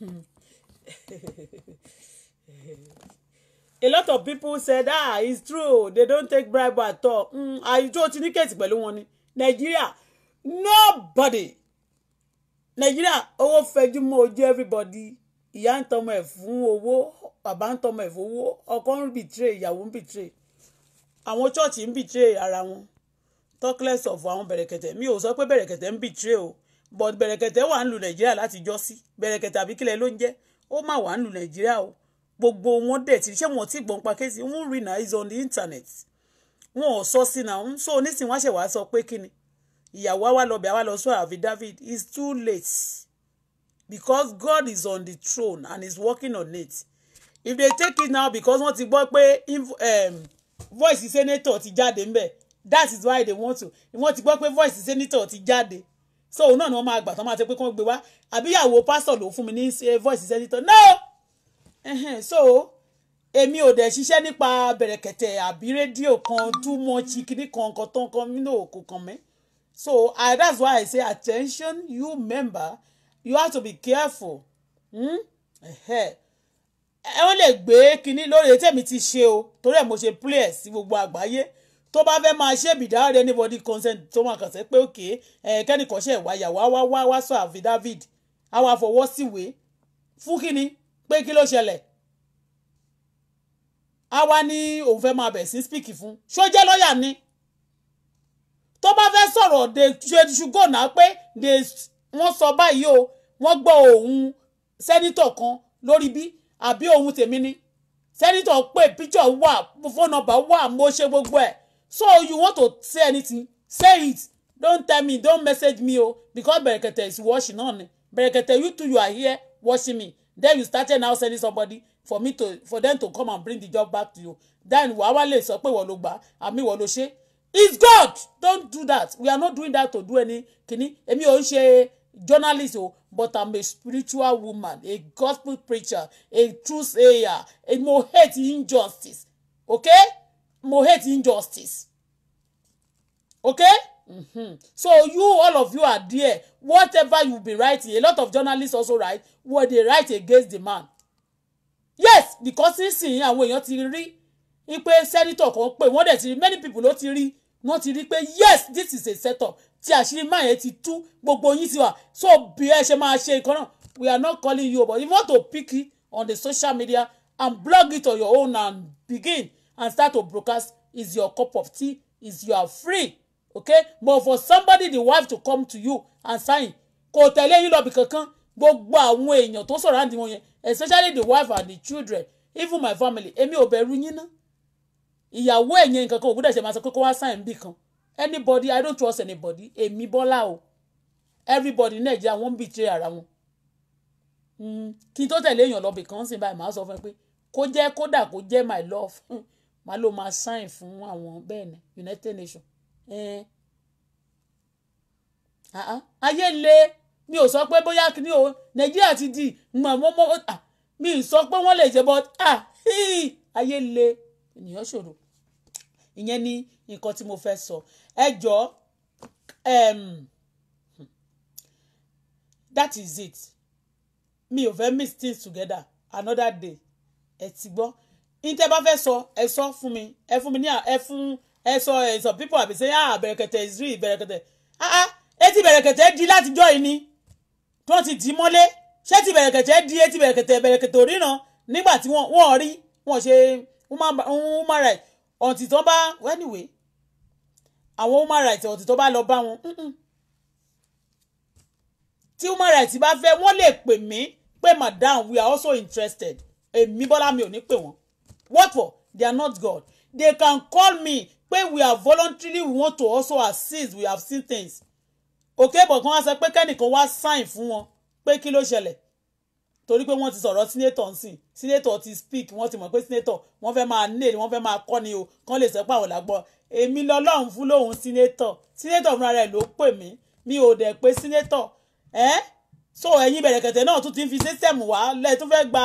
<laughs> a lot of people said ah it's true they don't take bribe at all àìjọ ti ní kéètì pẹ̀lú wọn ni nobody Nigeria, owó fẹjú mọ́ ojú everybody ìyá ń tọmọ ẹ̀ fún owó bàbá ń tọmọ ẹ̀ fún owó ọkọ betray. bìtìrè ìyàwó ń bìtìrè àwọn chọ́ọ̀chì ara wọn talk less of àwọn bẹ̀rẹ̀kẹ̀tẹ̀ mi ò sọ pé bẹ̀rẹ̀kẹ̀tẹ̀ ń bìtírẹ́ o but bẹ̀rẹ̀kẹ̀tẹ̀ wà ń lu nàìjíríà láti jọ sí bẹ̀rẹ̀kẹ̀tẹ̀ àbí kílẹ̀ ló ń jẹ́ ó mà wà ń lu nàìjíríà o gbogbo wọn dẹ̀ ti ṣé wọn ti gbọ́n pa kéésì wọn rìn náà is on the internet wọn ò sọ sí náà so onísìn wá ṣẹ̀ wá sọ pé kíni ìyàwó àwa lọ́bẹ̀ àwa lọ sọ àfi David it's too late because God is on the throne and is working on it if they take it now because wọ́n ti gbọ́ pé ehm, voice senator ti jáde ńbẹ̀ that is why they want to wọ́n ti gbọ́ pé voice senator ti jáde so òun náà ni wọ́n máa gbà tán máa ti pé kí wọ́n gbé wá àbíyàwó pásítọ̀ ló fún mi ní voice senator no so èmi ò dẹ̀ ṣiṣẹ́ nípa bẹ̀rẹ̀kẹ̀tẹ̀ àbí rédíò kan too much kìíní kan kan tán kan nínú òkú kan mẹ́ so uh, that's why I say attention you member you have to be careful Hmm. ẹ wọ́n lè gbé kìíní lórí ètò èmi ti ṣe o torí ẹ̀ mo ṣe play ẹ̀ sí gbogbo àgbáyé tó bá fẹ́ máa ṣe bìdá anybody consent tó máa kàn sẹ́ pé òkè kẹ́nìkan ṣe ìwà ìyàwó á wá wá wá sọ àfi David á wá fọwọ́ síwèé fún kínní pé kí ló ṣẹlẹ̀ á wá òun fẹ́ máa bẹ̀ sí speak fún ṣó jẹ́ lọ́ọ̀yà ni tó bá fẹ́ sọ̀rọ̀ de ṣùgbọ́nà pé wọ́n sọ báyìí o wọ́n gbọ́ òun sẹ́nítọ̀ kan lórí bí àbí òun tèmi ni sẹ́nítọ̀ pé píjọ wà fóònù nọ́mbà wà mo ṣe gbogbo ẹ̀ so you want to say anything say it don't tell me don't message me o oh. because berekete is watching on berekete you too you are here watching me then you started now sending somebody for me to for them to come and bring the job back to you then wàá wá lè sọ pé wọ́n ló gbà àmì wọ́n ló ṣe it's God don't do that we are not doing that to do any kini èmi ò ń ṣe journalist o oh, but i'm a spiritual woman a gospel preacher a truth sayer mo hate injustice okay mo hate injustice okay mm-hmm. so you all of you are there whatever you be writing a lot of journalists also write where they write against the man yes because this àwọn èèyàn ti rí i pé sẹ́nitọ̀ kan pé wọ́n dẹ̀ ti rí many people not ti not wọ́n ti yes this is a setup. up tí àṣírí máa yẹn ti tú so bí ẹ ṣe we are not calling you but you want to pick it on the social media and blog it on your own and begin and start to broadcast is your cup of tea is you are free okay but for somebody the wife to come to you and sign kò tẹ̀lé yín lọ́bì kankan gbogbo àwọn èèyàn tó sọ̀rọ̀ àǹdí wọn yẹn especially the wife and the children even my family èmi ò bẹ̀rù yín ná ìyàwó ẹ̀yẹn nǹkan kan ògúdà ṣe máa sọ pé kó wá sign bí kan anybody i don't trust anybody èmi bọ́lá o everybody in Nigeria wọ́n ń betray ara wọn hmm, kí n tó tẹ̀lé èèyàn lọ́bì kan sì báyìí màá sọ fún ẹ pé kó jẹ́ kódà kó jẹ́ my love hmm, màá ló máa sign fún àwọn bẹ́ẹ̀ ni United Nations ayé le mi ò sọ pé bóyá kí ni o Nàìjíríà ti di mọ̀mọ́mọ́ mi ì sọ pé wọ́n lè jẹ́ but ayé le ènìyàn ṣòro ìyẹn ni nǹkan tí mo fẹ́ sọ ẹ jọ that is it mi ò fẹ́ mix things together another day ẹ ti gbọ́ ìtẹ́ bá fẹ́ sọ ẹ sọ fún mi ẹ fún mi ní ẹ fún ẹ sọ ẹ sọ pípọ̀ àbí sẹ́yà ah, bẹ̀rẹ̀kẹ̀tẹ̀ ìsírí bẹ̀rẹ̀kẹ̀tẹ̀ ah etí ah, bẹ̀rẹ̀kẹ̀tẹ̀ di látijọ́ yìí ni tí wọ́n ti dì í mọ́lé ṣé ti bẹ̀rẹ̀kẹ̀tẹ̀ di etí bẹ̀rẹ̀kẹ̀tẹ̀ bẹ̀rẹ̀kẹ̀tẹ̀ òríran nígbà tí wọ́n rí wọ́n ṣe human right ọ̀ǹtì tó bá anyway àwọn human right ọ̀ǹtì tó bá lọ bá wọn tí human right bá fẹ́ wọ́n lè pè mí pé madam we are also interested èmi bọ́lá mi ò ní pè wọ́n What for? They are not God. They can call me pé we are voluntarily we want to also assist we have seen things. Okay, but kan wá sọ pé kẹ́nìkan wá sign fún wọn pé kí ló ṣẹlẹ̀ torí pé wọ́n ti sọ̀rọ̀ sínétọ̀ nsìn sínétọ̀ ti speak wọ́n ti mọ̀ pé sínétọ̀ wọ́n fẹ́ máa nílé wọ́n fẹ́ máa kọ́ ni o kán lè sọ pé àwọn làgbọ́ èmi lọ́lọ́run fún lóhun sínétọ̀ sínétọ̀ fúnra rẹ̀ ló pè mí mi ò dẹ̀ pé sínétọ̀ ẹ́ so ẹ̀yin bẹ̀rẹ̀kẹ̀tẹ̀ náà tún ti ń fi sísẹ̀mù wá lẹ́ẹ̀ tún fẹ́ gba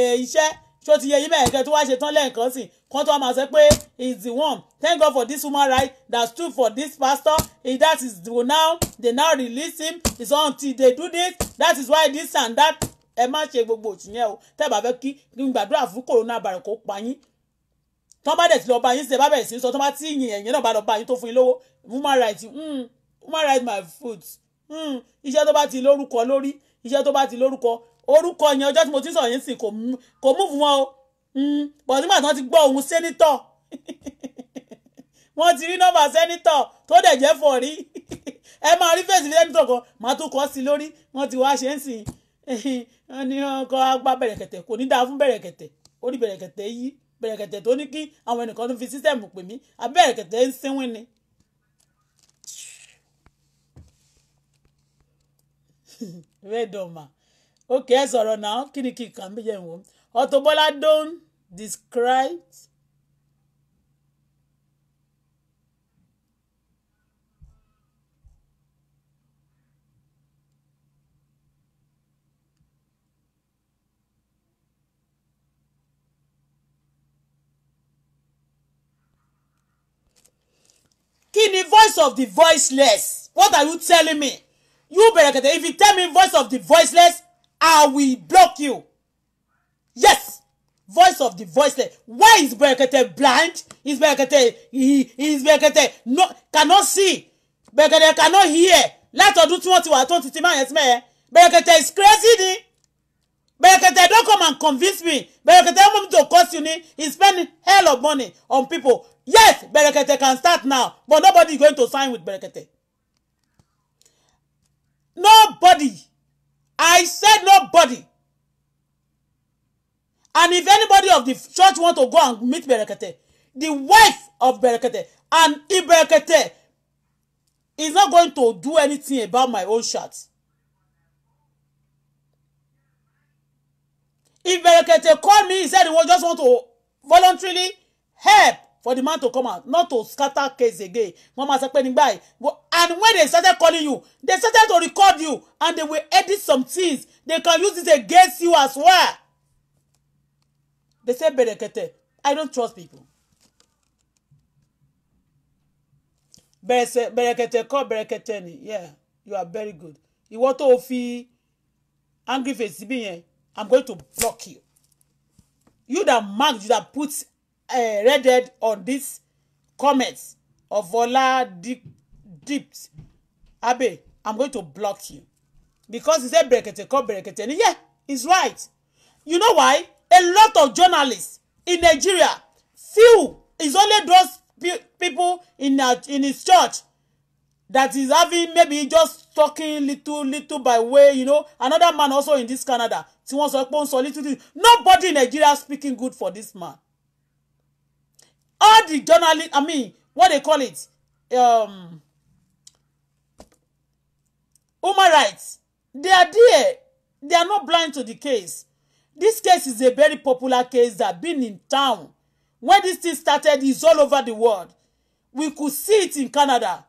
eh, iṣẹ́ ṣó ti yẹ yín bẹ́ẹ̀ kẹ́ tó wá ṣe tán lẹ́ẹ̀kan sìn kan tó wá máa sọ pé is the one thank God for this woman right that stood for this pastor if that is the now they now release him it's until they do this that is why this and that ẹ má ṣe gbogbo òtún o tẹ́ bá fẹ́ kí gbàdúrà fún corona virus kó pa yín tọ́ bá dẹ̀ ti lọ bá yín ṣe bá bẹ̀rẹ̀ sí sọ tọ́ bá tí yìn ẹ̀yìn náà bá lọ bá yín tó fún yín lówó woman right hmm, woman right my foot hmm, iṣẹ́ tó bá ti lórúkọ lórí iṣẹ́ tó bá ti lórúkọ orúkọ yẹn ọjọ́ tí mo ti sọ̀rọ̀ yín sí kò múùfù wọn o hmm, bọ̀ nígbà tí wọ́n ti gbọ́ ohun sẹ́nítọ̀ <laughs> wọ́n ti rí nọ́mbà sẹ́nítọ̀ tó dẹ̀ jẹ́ fọ̀rí <laughs> ẹ máa rí fèsì sẹ́nítọ̀ kan màá tún kọ́ sí lórí wọ́n ti wá ṣe ń sìn <laughs> wọ́n ní ọkọ agbá bẹ̀rẹ̀kẹ̀tẹ̀ kò ní dáa fún bẹ̀rẹ̀kẹ̀tẹ̀ ó ní bẹ̀rẹ̀kẹ̀tẹ̀ yí bẹ̀rẹ̀kẹ̀tẹ̀ tó ní kí àwọn ẹnìkan tó fi sísẹ̀mù pè mí abẹ́rẹ̀kẹ̀tẹ̀ ń sínwín ni. rẹ́dọ̀mà Okay, ẹ sọ̀rọ̀ náà kí ni kí n kàn mí jẹ́ ìwò Auto Bola don describe kí ni voice of the voiceless what are you telling me you bẹ̀rẹ̀ kẹ̀tẹ̀ if you tell me voice of the voiceless I will block you. Yes. Voice of the voiceless. Why is Brekete blind? Is Brekete he is Brekete no cannot see? Brekete cannot hear. Let tí do ti wà tó ti ti máa yẹn sí mẹ́yẹn. is crazy ni. Brekete don't come and convince me. Brekete want me to cost you ni. He spending hell of money on people. Yes, Brekete can start now, but nobody is going to sign with Brekete. Nobody. I said nobody. And if anybody of the church want to go and meet Berekete, the wife of Berekete and if is not going to do anything about my own shirt. If Berekete called me, he said he just want to voluntarily help for the man to come out not to scatter case again wọ́n máa sọ pé nígbà yìí and when they started calling you they started to record you and they will edit some things they can use it against you as well they say berekete. I don't trust people bẹ̀rẹ̀kẹ̀tẹ̀ kọ́ bẹ̀rẹ̀kẹ̀tẹ̀ ni yeah you are very good ìwọ tó o fi angry face síbí yẹn I'm going to block you you that mark you that put uh, readed on this comments of Ola Deep Abe, I'm going to block you. Because he said Brekete, call Brekete. And yeah, he's right. You know why? A lot of journalists in Nigeria, few, is only those people in, uh, in his church that is having maybe just talking little little by way you know another man also in this Canada tí wọ́n sọ pé ó ń sọ little little nobody in Nigeria speaking good for this man all the journalists i mean what they call it um, human rights they are there they are not blind to the case this case is a very popular case that been in town when this thing started is all over the world we could see it in Canada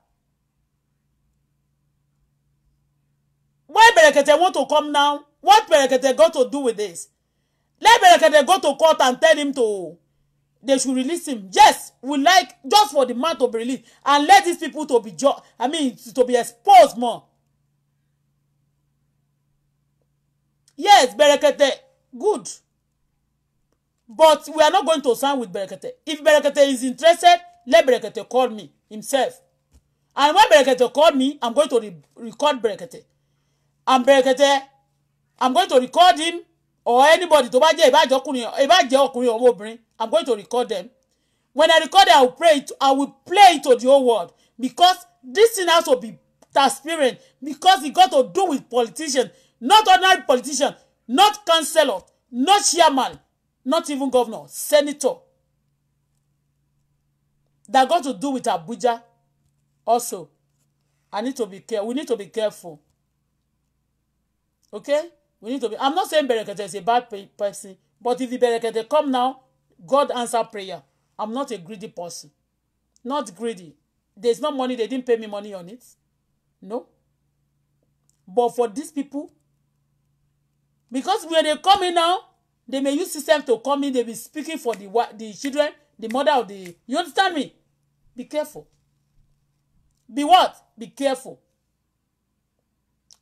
why Berekete want to come now what Berekete got to do with this let Berekete go to court and tell him to they should release him yes we like just for the man to be released and let these people to be ju i mean to be exposed more yes Berekete good but we are not going to sign with Berekete if Berekete is interested let Berekete call me himself and when Berekete call me i'm going to re record Berekete and Berekete i'm going to record him or anybody to bá jẹ́ ìbá ọkùnrin ìbá ọkùnrin or I'm going to record them. When I record it, I will pray it, I will play it to the whole world because this thing has to be transparent because it got to do with politicians, not ordinary politicians, not councillor, not chairman, not even governor, senator. That got to do with Abuja also. I need to be careful. We need to be careful. Okay? We need to be. I'm not saying Berekete is a bad person, but if the Berekete come now, God answer prayer. I'm not a greedy person. Not greedy. There's no money. They didn't pay me money on it. No. But for these people, because when they come in now, they may use system to come in. They be speaking for the the children, the mother of the. You understand me? Be careful. Be what? Be careful.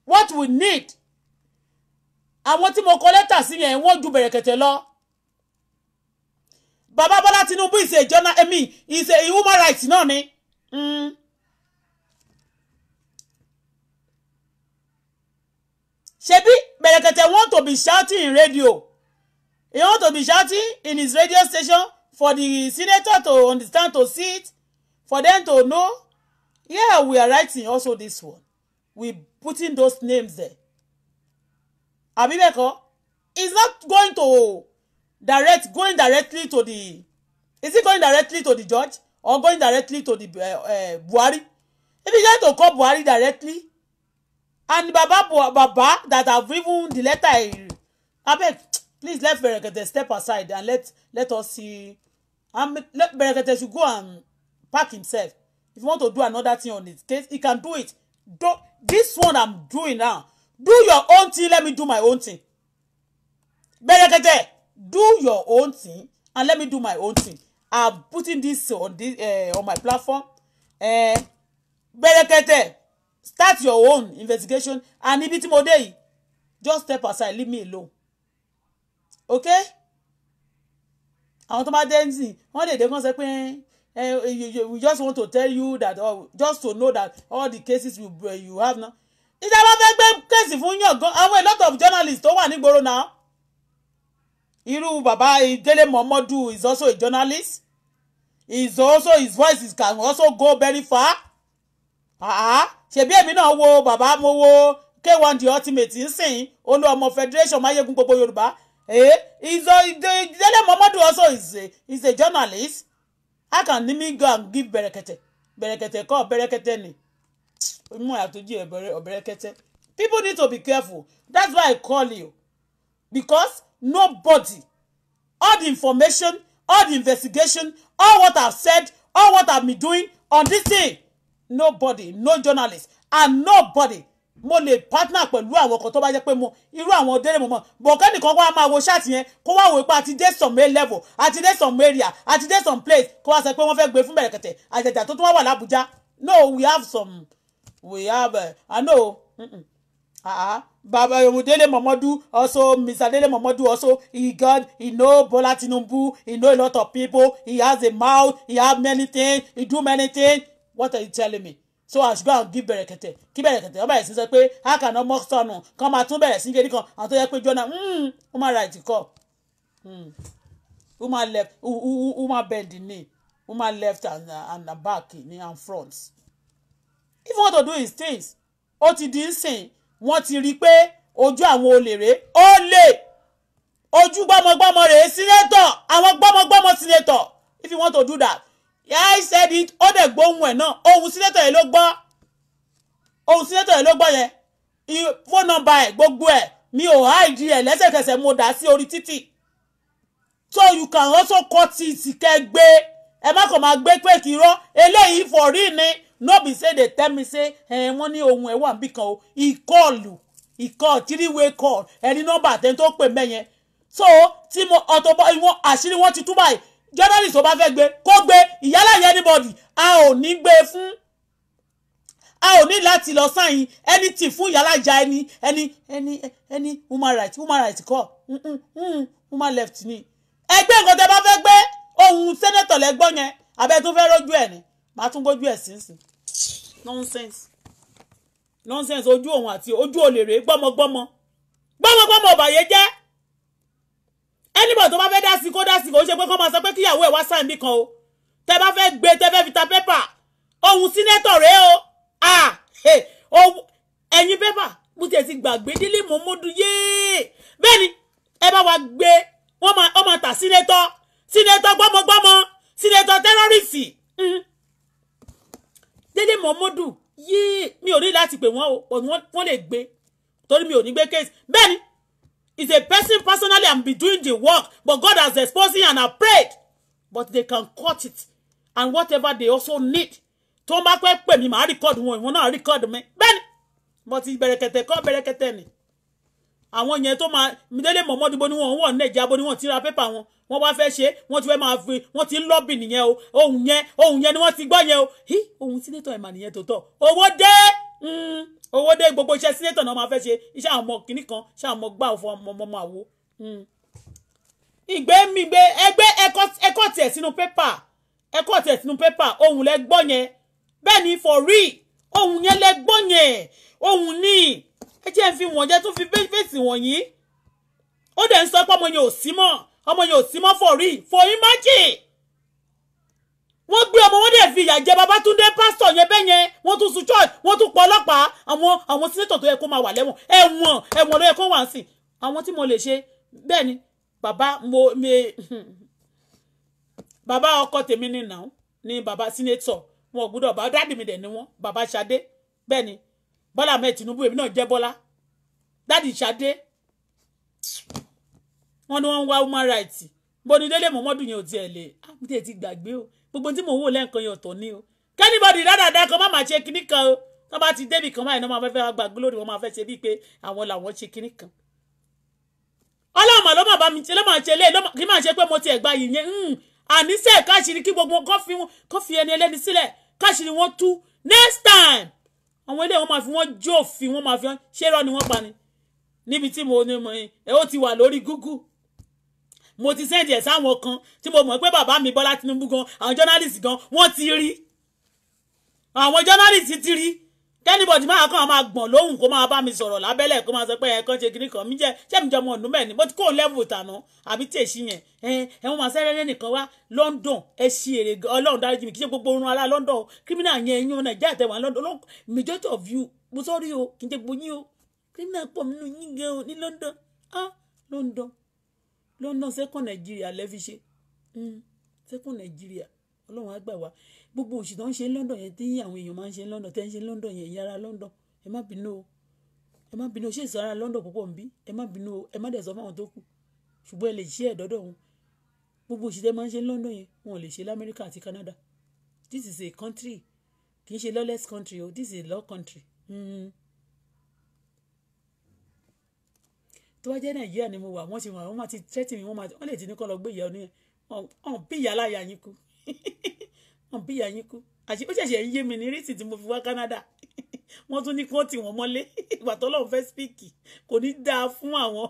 What we need. Àwọn tí mo kọ lẹ́tà sí yẹn wọ́n ju bẹ̀rẹ̀kẹ̀tẹ̀ lọ baba Bola Tinubu is a journal I mean is a human rights náà ni. Mm. ṣebí bẹ̀rẹ̀kẹ̀tẹ̀ want to be shouting in radio he want to be shouting in his radio station for the senator to understand to see it for them to know yeah we are writing also this one we putting those names there àbí is kọ́ not going to direct going directly to the is it going directly to the judge or going directly to the uh, uh, Buhari if you try to call Buhari directly and baba baba that have even the letter I abeg please let Berekete step aside and let let us see and let Berekete should go and pack himself if you want to do another thing on his case he can do it do this one I'm doing now do your own thing let me do my own thing Berekete do your own thing and let me do my own thing i'm putting this on this uh, on my platform uh, eh, bẹrẹkẹtẹ start your own investigation and ibi tí mo dé yìí just step aside leave me alone okay àwọn tó bá dé nsìn wọn lè dé kán sẹ pé eh, we just want to tell you that or oh, just to know that all the cases you, you have now ìjọba fẹ́ gbé kéèsì fún yàn gan àwọn a lot of journalists tó wà nígboro náà irú baba Dele Momodu is also a journalist is also his voice is can also go very far ah, ṣebí èmi náà wo baba mo wo k1 the ultimate nsìn olú ọmọ federation mayegun gbogbo yorùbá eh is a Dele Momodu also is a is a journalist how can nimi go and give bẹ̀rẹ̀kẹ̀tẹ̀ bẹ̀rẹ̀kẹ̀tẹ̀ kọ́ bẹ̀rẹ̀kẹ̀tẹ̀ ni mú àtúnjì ọ̀bẹ̀rẹ̀kẹ̀tẹ̀ people need to be careful that's why i call you because nobody all the information all the investigation all what I've said all what I've been doing on this thing nobody no journalist and nobody mo lè partner pẹ̀lú àwọn kan tó bá jẹ́ pé mo irú àwọn délé mo mọ̀ bọ̀kẹ́ nìkan wá máa wo ṣáàtì yẹn kó wá wò pé àti dé some level àti dé some area àti dé some place kó wá sọ pé wọ́n fẹ́ gbé fún bẹ̀rẹ̀kẹ̀tẹ̀ àjàjà tó tún wá wà lábújá no we have some we have uh, i know mm -mm. Uh-uh. Baba Dele Momodu also, Mr. Dele Momodu also, he got, he know Bola Tinubu, he know a lot of people, he has a mouth, he have many things, he do many things. What are you telling me? So I should go and give Bẹ̀rẹ̀kẹ̀tẹ̀. Kí Bẹ̀rẹ̀kẹ̀tẹ̀ ọba ẹ̀sìn sọ pé a kà ná mọ́sánù kan máa tún bẹ̀rẹ̀ sí kéde kan àti ọ̀yẹ́ pé jọ́nà human right kọ́ human left human bend knee human left and, and back knee and front. If you want to do his things, ó ti di ń wọ́n ti rí i pé ojú àwọn olè rèé olè ojú gbọ́mọgbọ́mọ rèé sínétọ̀ àwọn gbọ́mọgbọ́mọ sínétọ̀ if you want to do that yeah, I said it ó dẹ̀ gbóhùn ẹ̀ náà ohun sínétọ̀ yẹn ló gbọ́ ohun sínétọ̀ yẹn ló gbọ́ yẹn fóònù nọ́mbà ẹ̀ gbogbo ẹ̀ mi ò háìdí ẹ̀ lẹ́sẹ̀kẹsẹ̀ mo dà sí orí títì so you can also cut it kẹ́ gbé ẹ má kàn máa gbé pé kí irọ́ eléyìí for real ni no be say dey tell me say eh, wọ́n ní ohun ẹ̀ wà níbì kan o ìkọlù ìkọlù three way call ẹni nọ́mbà àtẹni tó pè mẹ́yẹn so tí mo ọ̀tọ̀ bọ́ ìwọ̀n àṣírí wọn ti tú báyìí journalist tó bá fẹ́ gbé kó gbé ìyálà yẹn anybody a ò ní gbé e fún a ò ní láti lọ sáyìn anything fún ìyálà ìjà ẹni ẹni ẹni ẹni human right human right kọ́ human left ni ẹgbẹ́ nǹkan tẹ́ bá fẹ́ gbé ohun sẹ́nẹ́tọ̀ lẹ́gbọ́n yẹn abẹ́ tó fẹ́ rójú ẹ̀ ni màá tún gbójú ẹ̀ sínsìn nonsense nonsense ojú òun àti ojú òlèrè gbọ́mọgbọ́mọ gbọ́mọgbọ́mọ ọ̀bàyé jẹ́ anybody tó bá fẹ́ dá sí kó dá sí kó ṣe pé kó máa sọ pé kíyàwó ẹ̀ wá sáìn bí kan o tẹ bá fẹ́ gbé tẹ fẹ́ fi ta pépà ohun sínétọ̀ rẹ o ẹ̀yin pépà mo tiẹ̀ ti gbàgbé dílé mọ́mọ́dún yéé bẹ́ẹ̀ ni ẹ bá wa gbé wọ́n máa tà sínétọ̀ sínétọ̀ gbọ́mọgbọ́mọ sínétọ̀ tẹ́rọ́rìsì. mm dédé mọ́mọ́dù yìí mi ò ní láti pè wọ́n o wọ́n lè gbé torí mi ò ní gbé case bẹ́ẹ̀ ni is a person personally and be doing the work but God has exposed him and I prayed but they can cut it and whatever they also need tó ń bá pẹ́ pè mí màá record wọn ìwọ náà record mi bẹ́ẹ̀ ni mo ti bẹ̀rẹ̀kẹ̀tẹ̀ kọ́ bẹ̀rẹ̀kẹ̀tẹ̀ ni àwọn yẹn tó máa délé mọ̀mọ́ dìbò ni wọ́n wọ̀ nẹ̀jà bó ni wọ́n ti ra pépà wọn wọ́n wá fẹ́ ṣe wọ́n ti fẹ́ máa fi wọ́n ti ń lọ́bì nìyẹn o ohun yẹn ohun yẹn ni wọ́n ti gbọ́ yẹn o hí ohun sínétọ̀ ẹ̀ mà nìyẹn tó tọ̀ owó dé hmm, owó dé gbogbo iṣẹ́ sínétọ̀ náà máa fẹ́ ṣe iṣẹ́ àwọn ọmọ kìnnì kan iṣẹ́ àwọn ọmọ gbà fún ọmọ ọmọ àwo. Hmm. ìgbé mi gbé ẹgbẹ́ ẹkọ́ tiẹ̀ sínú pépà ẹkọ́ tiẹ̀ sínú pépà ohun lẹ gbọ́ yẹn bẹ́ẹ̀ ni for real ohun yẹn lẹ gbọ́ yẹn ohun ni ẹ jẹ́ ń fi wọ́n jẹ́ tún fi fèsì wọ̀nyí ó dẹ̀ ń sọ pé ọmọ yẹn ò sí ọmọ yẹn ò sí mọ́ for real for imagine wọ́n gbé ọmọ wọn dẹ̀ fi ìyà jẹ Babátúndé pásítọ̀ yẹn bẹ́ẹ̀ yẹn wọ́n tún sun church wọ́n tún pa ọlọ́pàá àwọn àwọn sínétọ̀ tó yẹ kó máa wà lẹ́wọ̀n ẹ̀wọ̀n ẹ̀wọ̀n ló yẹ kó wà sí àwọn tí mo lè ṣe bẹ́ẹ̀ ni bàbá mo mi <laughs> bàbá ọkọ tèmi nìyàn ni bàbá sínétọ̀ wọn ò gbúdọ̀ bá dádì mi dẹ̀ ni wọ́n bàbá Ṣadé bẹ́ẹ̀ ni Bọ́lá Ahmed Tinubu èmi náà jẹ́ Bọ́lá dáàdì Ṣadé wọ́n ní wọ́n ń wá human rights bóni délé mọ́mọ́dù yẹn ò tiẹ̀ lè àmúdé ah, ti gbàgbé o gbogbo tí mò ń wò lẹ́ǹkan yẹn ọ̀tọ̀ ni o kẹ́nìbọ̀dì dáadáa kan má máa ṣe kinní kan o wọ́n bá ti débì kan báyìí náà máa fẹ́ fẹ́ gbà gólórí wọ́n máa fẹ́ ṣe bíi pé àwọn làwọn ṣe kinní kan ọlọ́mọ ló máa bá mi ṣe ló máa ṣe lé kí máa ṣe pé mo ti ẹ̀gbá yìí yẹn hmm. àníṣe káṣírí kí gbogbo kọ́ ẹni ẹlẹ́ni sílẹ̀ káṣírí wọ́n tú next time àwọn ilé wọn máa fi wọn jófin wọn máa fi ṣé rọ ni wọn pa ni níbi tí mo ní mo ẹ ó ti wà lórí Google mo ti sẹ́ǹdì ẹ̀ sáwọn kan tí mo mọ̀ pé bàbá mi Bọ́lá Tinubu gan àwọn jọ́nálìsì gan wọ́n ti rí àwọn jọ́nálìsì ti rí kẹ́nìbọ̀dì máa kàn máa gbọ̀n lóhùn kó máa bá mi sọ̀rọ̀ lábẹ́lẹ̀ kó máa sọ pé ẹ̀ẹ̀kan ṣe kiri kan mi jẹ́ sẹ́mi jọmọ ọ̀nù mẹ́ni mo ti kó lẹ́wù tànà àbí tèṣí yẹn ẹ̀wọ̀n máa sẹ́rẹ́ nìkan wá London ẹ̀ ṣí èrè ọlọ́run dáríjì mi kì í ṣe gbogbo orun ara London criminal yẹn ẹ̀yin ọmọ Nàìjíríà tẹ̀wà London majority of you mo sọ́rí o kì í ṣe gbogbo yín o criminal pọ̀ nínú yín gan London ah London London second Nigeria hmm, Nigeria Ọlọ́run á gbà wá. Gbogbo òṣì tó ń ṣe ní London yẹn tí àwọn èèyàn máa ń ṣe ní London, tẹ́ ń ṣe ní London yẹn, ẹ̀yin London, ẹ má bínú o. Ẹ má bínú o. Ṣé ìsọ London púpọ̀ ń bí? Ẹ má bínú o. Ẹ má dẹ̀ sọ fún àwọn tó kù. Ṣùgbọ́n ẹ lè share ẹ̀ dọ́dọ̀ wọn. Gbogbo òṣì tí máa ń ṣe ní London yẹn, wọn ò lè ṣe ní America àti Canada. This is a country. Kì í ṣe lawless country o. This is a law country. Hmm. Tó bá jẹ́ Nàìjíríà ni mo wà, wọ́n ti wà, wọ́n máa ti threaten mi, wọ́n máa ti, wọ́n lè ti ní kó lọ gbé ìyá oníyẹn. Wọ́n <laughs> wọn bí ìyá yín kú àṣé ó ṣẹ̀ṣẹ̀ ń yé mi ní rìsì tí mo fi wá Canada <laughs> wọ́n tún ní kí wọ́n tì wọ́n mọ́lé <laughs> ìgbà tó lọ́run fẹ́ spíkì kò ní dáa fún àwọn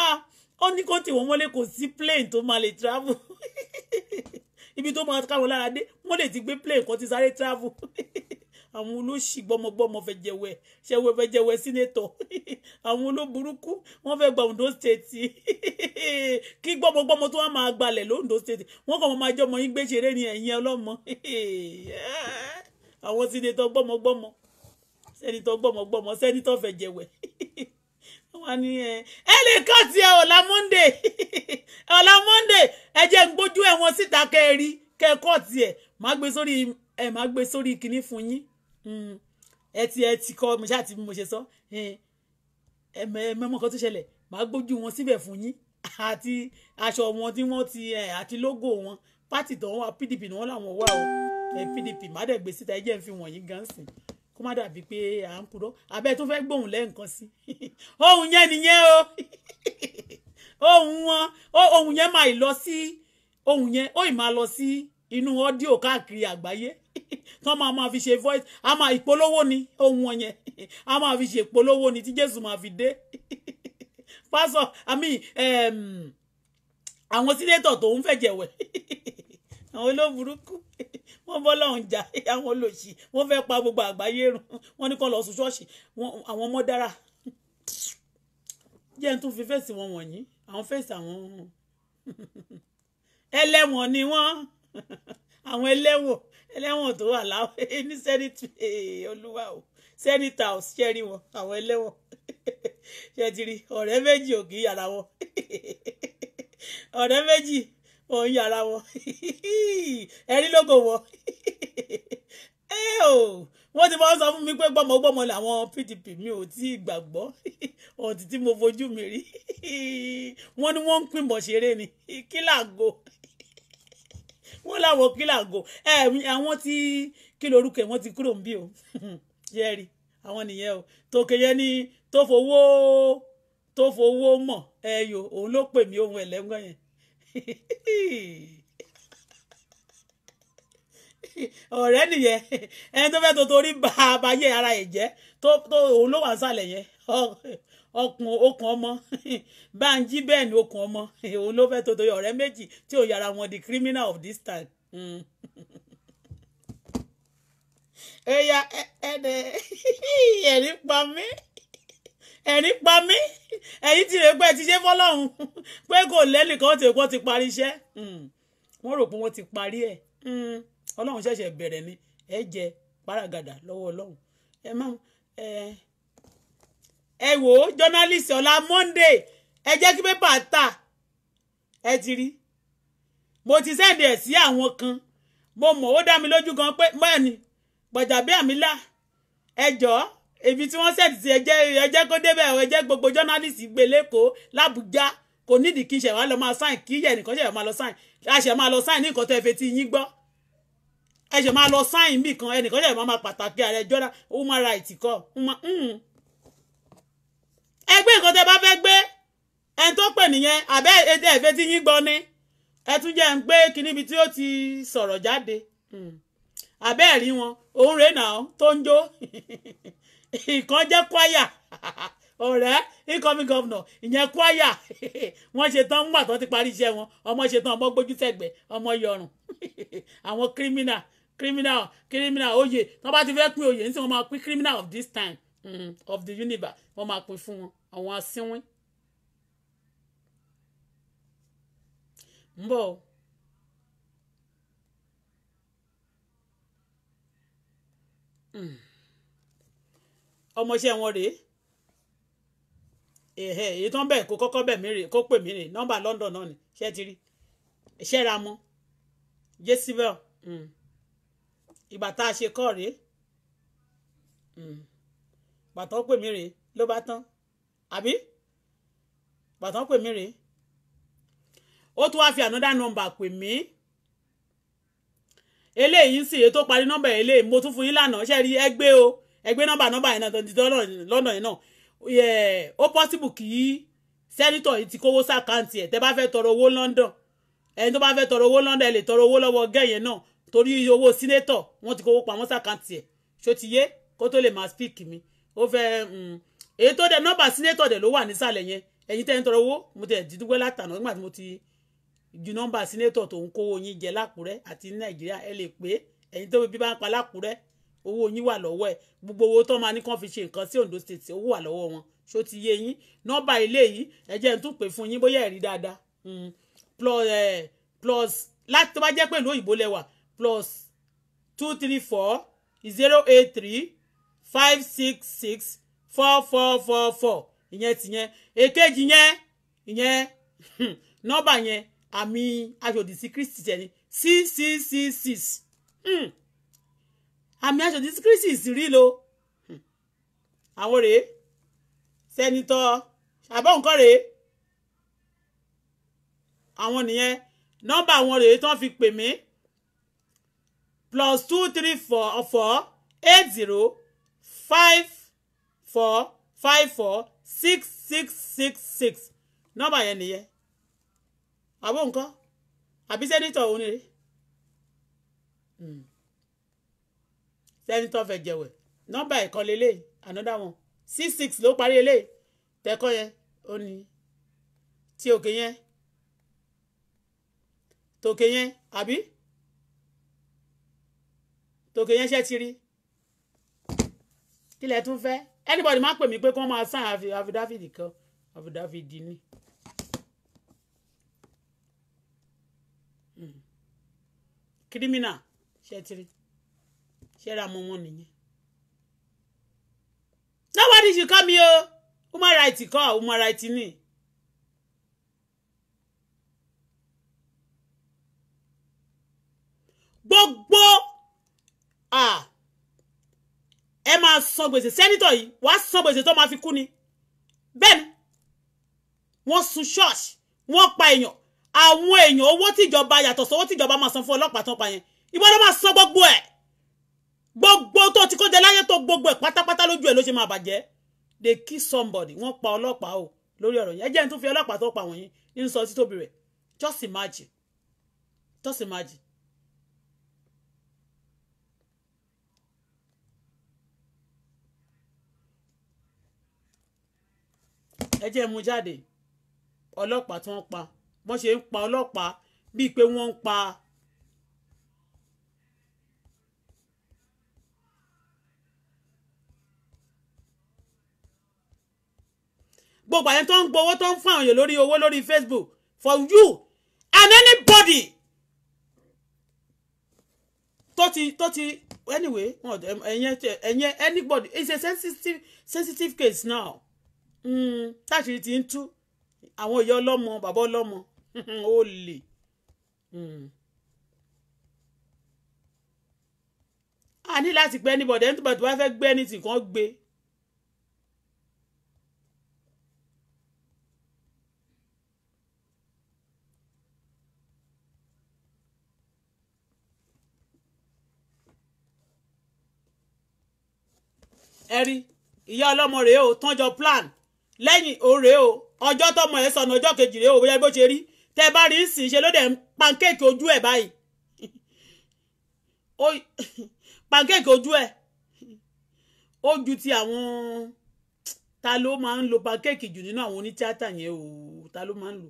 ah, ó ní kó tì wọ́n mọ́lé kò sí plane tó máa lè travel ibi tó máa káwọn lára dé wọ́n lè ti gbé plane kan ti sáré travel àwọn olóṣì gbọmọgbọmọ fẹ́ jẹwẹ ṣẹwẹ fẹ́ jẹwẹ sínétọ <laughs> àwọn olóburúkú wọ́n fẹ́ gba Ondo state <laughs> kí gbọmọgbọmọ tó wà máa gbalẹ̀ lóńdó state wọ́n kàn máa jọmọ yín gbé ṣeré ni ẹ̀yin ọlọ́mọ <laughs> àwọn sínétọ gbọmọgbọmọ sẹ́nitọ́ gbọmọgbọmọ sẹ́nitọ́ fẹ́ jẹwẹ wọn ní ẹ lè kàn tí ẹ ọ̀la monday ọ̀la monday ẹ jẹ́ ń gbójú ẹ̀ wọn síta kẹ́ ẹ rí kẹ́ ẹ kọ́ tiẹ̀ má gbé sórí ẹ má gbé sórí kinní fún yín Hmm. ẹ ti ẹ ti kọ́ mi ṣáà ti mo ṣe sọ hmm. ẹ mẹ́mọ́ kan tó ṣẹlẹ̀ màá gbójú wọn síbẹ̀ fún yín <laughs> àti aṣọ wọn tí wọ́n ti àti lógò wọn pátì tó ń wá PDP ni wọ́n làwọn wá o PDP má dẹ̀ gbé síta ẹ jẹ́ ń fi wọ̀nyí gan sìn kó má dàbí pé à ń purọ́ abẹ́ tó fẹ́ gbóhùn lẹ́ǹkan sí <laughs> ohun yẹn nìyẹn o <laughs> ohun wọn ohun yẹn máa lọ sí ohun yẹn ó ì máa lọ sí inú ọ́díò káàkiri àgbáyé tán máa máa fi ṣe voice a máa ìpolówó ni ohun wọn yẹn a máa fi ṣe ìpolówó ni tí Jésù máa fi dé pásọ àmì àwọn sínétọ̀ tó ń fẹ̀jẹ̀wẹ̀ àwọn olóburúkú wọ́n bọ́ lọ́hùn jà àwọn olòṣì wọ́n fẹ́ pa gbogbo àgbáyé run wọ́n ní kàn lọ sùn ṣọ́ọ̀ṣì àwọn ọmọ dára jẹ́ tún fi fèsì wọn wọ̀nyí àwọn fèsì àwọn ẹlẹ́wọ̀n ni wọ́n àwọn ẹlẹ́wọ̀n ẹlẹ́wọ̀n tó wà láwọn <laughs> ní sẹ́nitì eh, olúwa o sẹ́nità ò ṣẹ́rí wọn àwọn ẹlẹ́wọ̀n <laughs> ṣẹ́tìrì ọ̀rẹ́ méjì ò kì í yàrá wọn <laughs> ọ̀rẹ́ méjì ò ń yàrá wọn ẹ̀rí lógo wọn wọ́n ti máa ń sọ fún mi pé gbọ́mọgbọ́mọ làwọn PDP mi ò tí ì gbàgbọ́ ọ̀tí tí mo fojú mi rí wọ́n ní wọ́n ń pìnbọ̀ ṣeré ni kí làgò wọ́n láwọn kílà go àwọn tí kí lorúkọ ẹ̀ wọ́n ti kúrò ń bí o <laughs> yẹ́rì àwọn nìyẹn o tòkè yẹn ni tó fowó tó fowó mọ̀ ẹ òun ló pè mí ohun ẹ̀lẹ́gbọ́n yẹn <laughs> ọ̀rẹ́ nìyẹn ẹni tó fẹ́ tó torí bá a ara ẹ̀ jẹ́ tó òun ló wà ń sàlẹ̀ yẹn <laughs> ọkùn okùn ọmọ <laughs> Bánjí bẹ́ẹ̀ ni okùn ọmọ <laughs> òun ló fẹ́ tòtò ọ̀rẹ́ méjì tí ò yára wọn the criminal of this time. ẹ̀yà ẹ̀ẹ́dẹ̀ ẹ̀rí pa mí ẹ̀rí pa mí ẹ̀yìn tí rẹ̀ pé ti ṣe fọ́lọ́run <laughs> pé kò lẹ́nìkan tí wọ́n ti parí iṣẹ́ hmm. wọ́n rò pé wọ́n ti parí ẹ̀ hmm. ọlọ́run ṣẹ̀ṣẹ̀ bẹ̀rẹ̀ ni ẹ jẹ páràgàdà lọ́wọ́ ọlọ́run ẹ má ẹ ẹ wò ó journalist ọ̀la monday ẹ jẹ́ kí pépà tà ẹ ti rí mo ti sẹ́ndì ẹ̀ sí àwọn kan mo mọ̀ ó dá mi lójú gan pé mẹ́ni Gbajabiamila ẹ jọ̀ọ́ èmi tí wọ́n sẹ́ndì sí ẹ jẹ́ ẹ jẹ́ kó débẹ̀ ẹ jẹ́ gbogbo journalist gbé lẹ́kọ̀ọ́ l'Àbújá kò nídìí kí n ṣẹ̀ wá lọ máa sáìn kí yẹ̀ nìkan ṣẹ̀ máa lọ sáìn a ṣẹ̀ máa lọ sáìn ní nǹkan tó ẹ fẹ́ ti yín gbọ́ ẹ ṣẹ̀ máa lọ sáìn mí ẹnìkan ṣẹ̀ máa pàtàkì ààrẹ jọ́dá human rights kọ́ hmm ẹ gbé nǹkan tẹ bá fẹ́ gbé ẹ tó pè nìyẹn àbẹ́ ètò ẹ̀fẹ́ tí yín gbọ́ ni ẹ tún jẹ́ ń gbé kinní ibi tí ó ti sọ̀rọ̀ jáde hmm. àbẹ́ ẹ̀rí wọn òun rèé nà án tó ń jó ìkan jẹ́ kwaya ọ̀rẹ́ incoming governor ìyẹn kwaya wọ́n ṣe tán ńgbà tó ti parí iṣẹ́ wọn ọmọ ṣe tán ọmọ gbójú tẹ̀gbẹ́ ọmọ yọrùn àwọn criminal criminal criminal oyè tí wọ́n bá ti fẹ́ pín oyè nísìnyí wọ́n máa pín criminal of this time mm, of the universe wọ́n máa pín fún wọn àwọn asínwín ń bọ̀ hmm. ọmọọṣẹ́ wọn rèé èhè èyí tó ń bẹ̀ kó kọ́kọ́ bẹ̀ mí rèé kó pè mí rèé nọ́mbà London náà ni ṣé ti rí ṣẹ́ra mọ́ jésìbẹ́ọ̀ hmm. ìgbà tá a ṣe kọ́ rèé hmm. bàtọ́ pè mí rèé ló bá tán àbí bàtàn pè mí rèé ó tún wáá fi another number pè mí eléyìí ń sì èyí tó parí nọ́mbà eléyìí mo tún fún yín lánàá ṣe rí ẹgbẹ́ o ẹgbẹ́ nọ́mbà nọ́mbà yẹn náà tó ti dọ́nà lọ́nà yẹn náà ó possible kì í sẹ́nitọ̀ yìí ti kówó sàkáǹtì ẹ̀ tẹ́ bá fẹ́ tọrọ owó London ẹni tó bá fẹ́ tọrọ owó London ẹ lè tọrọ owó lọ́wọ́ gẹ̀yẹn náà torí owó sínétọ̀ wọ́n ti kówó pamọ́ sàkáǹtì ẹ̀ ṣó ti yé kó tó lè máa speak mi ó fẹ́ mm, èyí tó dẹ̀ nọ́mbà sínétọ̀ dẹ̀ ló wà nísàlẹ̀ yẹn ẹ̀yin tẹ́ ń tọrọ owó mo tẹ̀ dídúgbẹ́ látànà nígbà tí mo ti ju nọ́mbà sínétọ̀ tó ń kówó yín jẹ lákùrẹ́ àti nàìjíríà ẹ lè pé ẹ̀yin tó bí bá ń pa lákùrẹ́ owó yín wà lọ́wọ́ ẹ̀ gbogbo owó tó máa ní kàn fi ṣe nǹkan sí Ondo state owó wà lọ́wọ́ wọn ṣó ti yé yín nọ́mbà ilé yìí ẹ jẹ́ n tún pè fún yín bóyá ẹ̀rí dáadáa hmm, plus láti tó bá jẹ́ pé ìlú òyìnbó lẹ́wà plus two three four zero eight three five six six four four four four ìyẹn tìyẹn èkejì yẹn ìyẹn hmm, nọ́mbà yẹn àmì aṣòdì sí Kristi tẹ̀lé six six six six hmm. àmì aṣòdì sí Kristi sì rí lo hmm. àwọn rèé sẹ́nitọ́ àbọ̀nkọ́ rèé àwọn nìyẹn nọ́mbà àwọn rèé tán fi pè mí plus two three four four eight zero five four five four six six six six nọ́mbà yẹn nìyẹn àbó nǹkan àbí sẹ́nitọ̀ òun rèé sẹ́nitọ̀ fẹ̀ jẹ̀wẹ̀ nọ́mbà ẹ̀kan lélẹ̀ another one six six ló parí eléyìí tẹ́kọ̀ yẹn ó ní ti òkè yẹn tòkè yẹn àbí tòkè yẹn ṣẹ́ ti rí kílẹ̀ tún fẹ́ anybody máa pè mí pé kí wọ́n máa sign àfidáfídì kan àfidáfídì ni. kírímínà ṣẹ́tìrì ṣẹ́ra mọ́ wọn nìyẹn. nobody should come here human rights kọ́ human rights ni. gbogbo ah san gbèsè sẹ́nítọ̀ yìí wàá san gbèsè tó máa fi kú ni bẹ́ẹ̀ni wọ́n sun ṣọ́ọ̀ṣì wọ́n pa èèyàn àwọn èèyàn owó tíjọba yàtọ̀ sọ́wọ́ tíjọba máa san fún ọlọ́pàá tó pa yẹn ìwọ ló máa san gbogbo ẹ̀ gbogbo tó ti kó jẹ láyé tó gbogbo ẹ̀ pátápátá lójú ẹ̀ ló ṣe máa bàjẹ́ they kill somebody wọ́n pa ọlọ́pàá o lórí ọ̀rọ̀ yẹn ẹ jẹ́ n tún fi ọlọ́pàá tó pa wọ̀nyí ń sọ títóbi rẹ̀ just imagine just imagine ẹ jẹ́ mu jáde ọlọ́pàá tí wọ́n pa wọ́n ṣe ń pa ọlọ́pàá bíi pé wọ́n ń pa gbogbo àyẹn tó ń gbowó tó ń fún àwọn èèyàn lórí owó lórí Facebook for you and anybody tó ti tó ti anyway ẹ̀yẹn anybody it's a sensitive sensitive case now. Hmm, táṣìírí ti ń tú àwọn ìyá ọlọ́mọ bàbá ọlọ́mọ <laughs> ó lè. Hmm. a ní láti gbé anybody anybody wá fẹ́ gbé anything kan gbé. ẹ rí ìyá ọlọ́mọ rèé o tọ́jọ́ plan lẹ́yìn òrè o ọjọ́ tọmọ ẹ sọnù ọjọ́ kejì rèé o bóyá bó ṣe rí tẹ bá rí sí ṣe ló dẹ̀ ń pancake ojú ẹ̀ báyìí <laughs> <laughs> pancake ojú ẹ̀ ó ju ti àwọn ta ló máa ń lo pancake jù nínú àwọn onítíátà yẹn o ta ló máa ń lo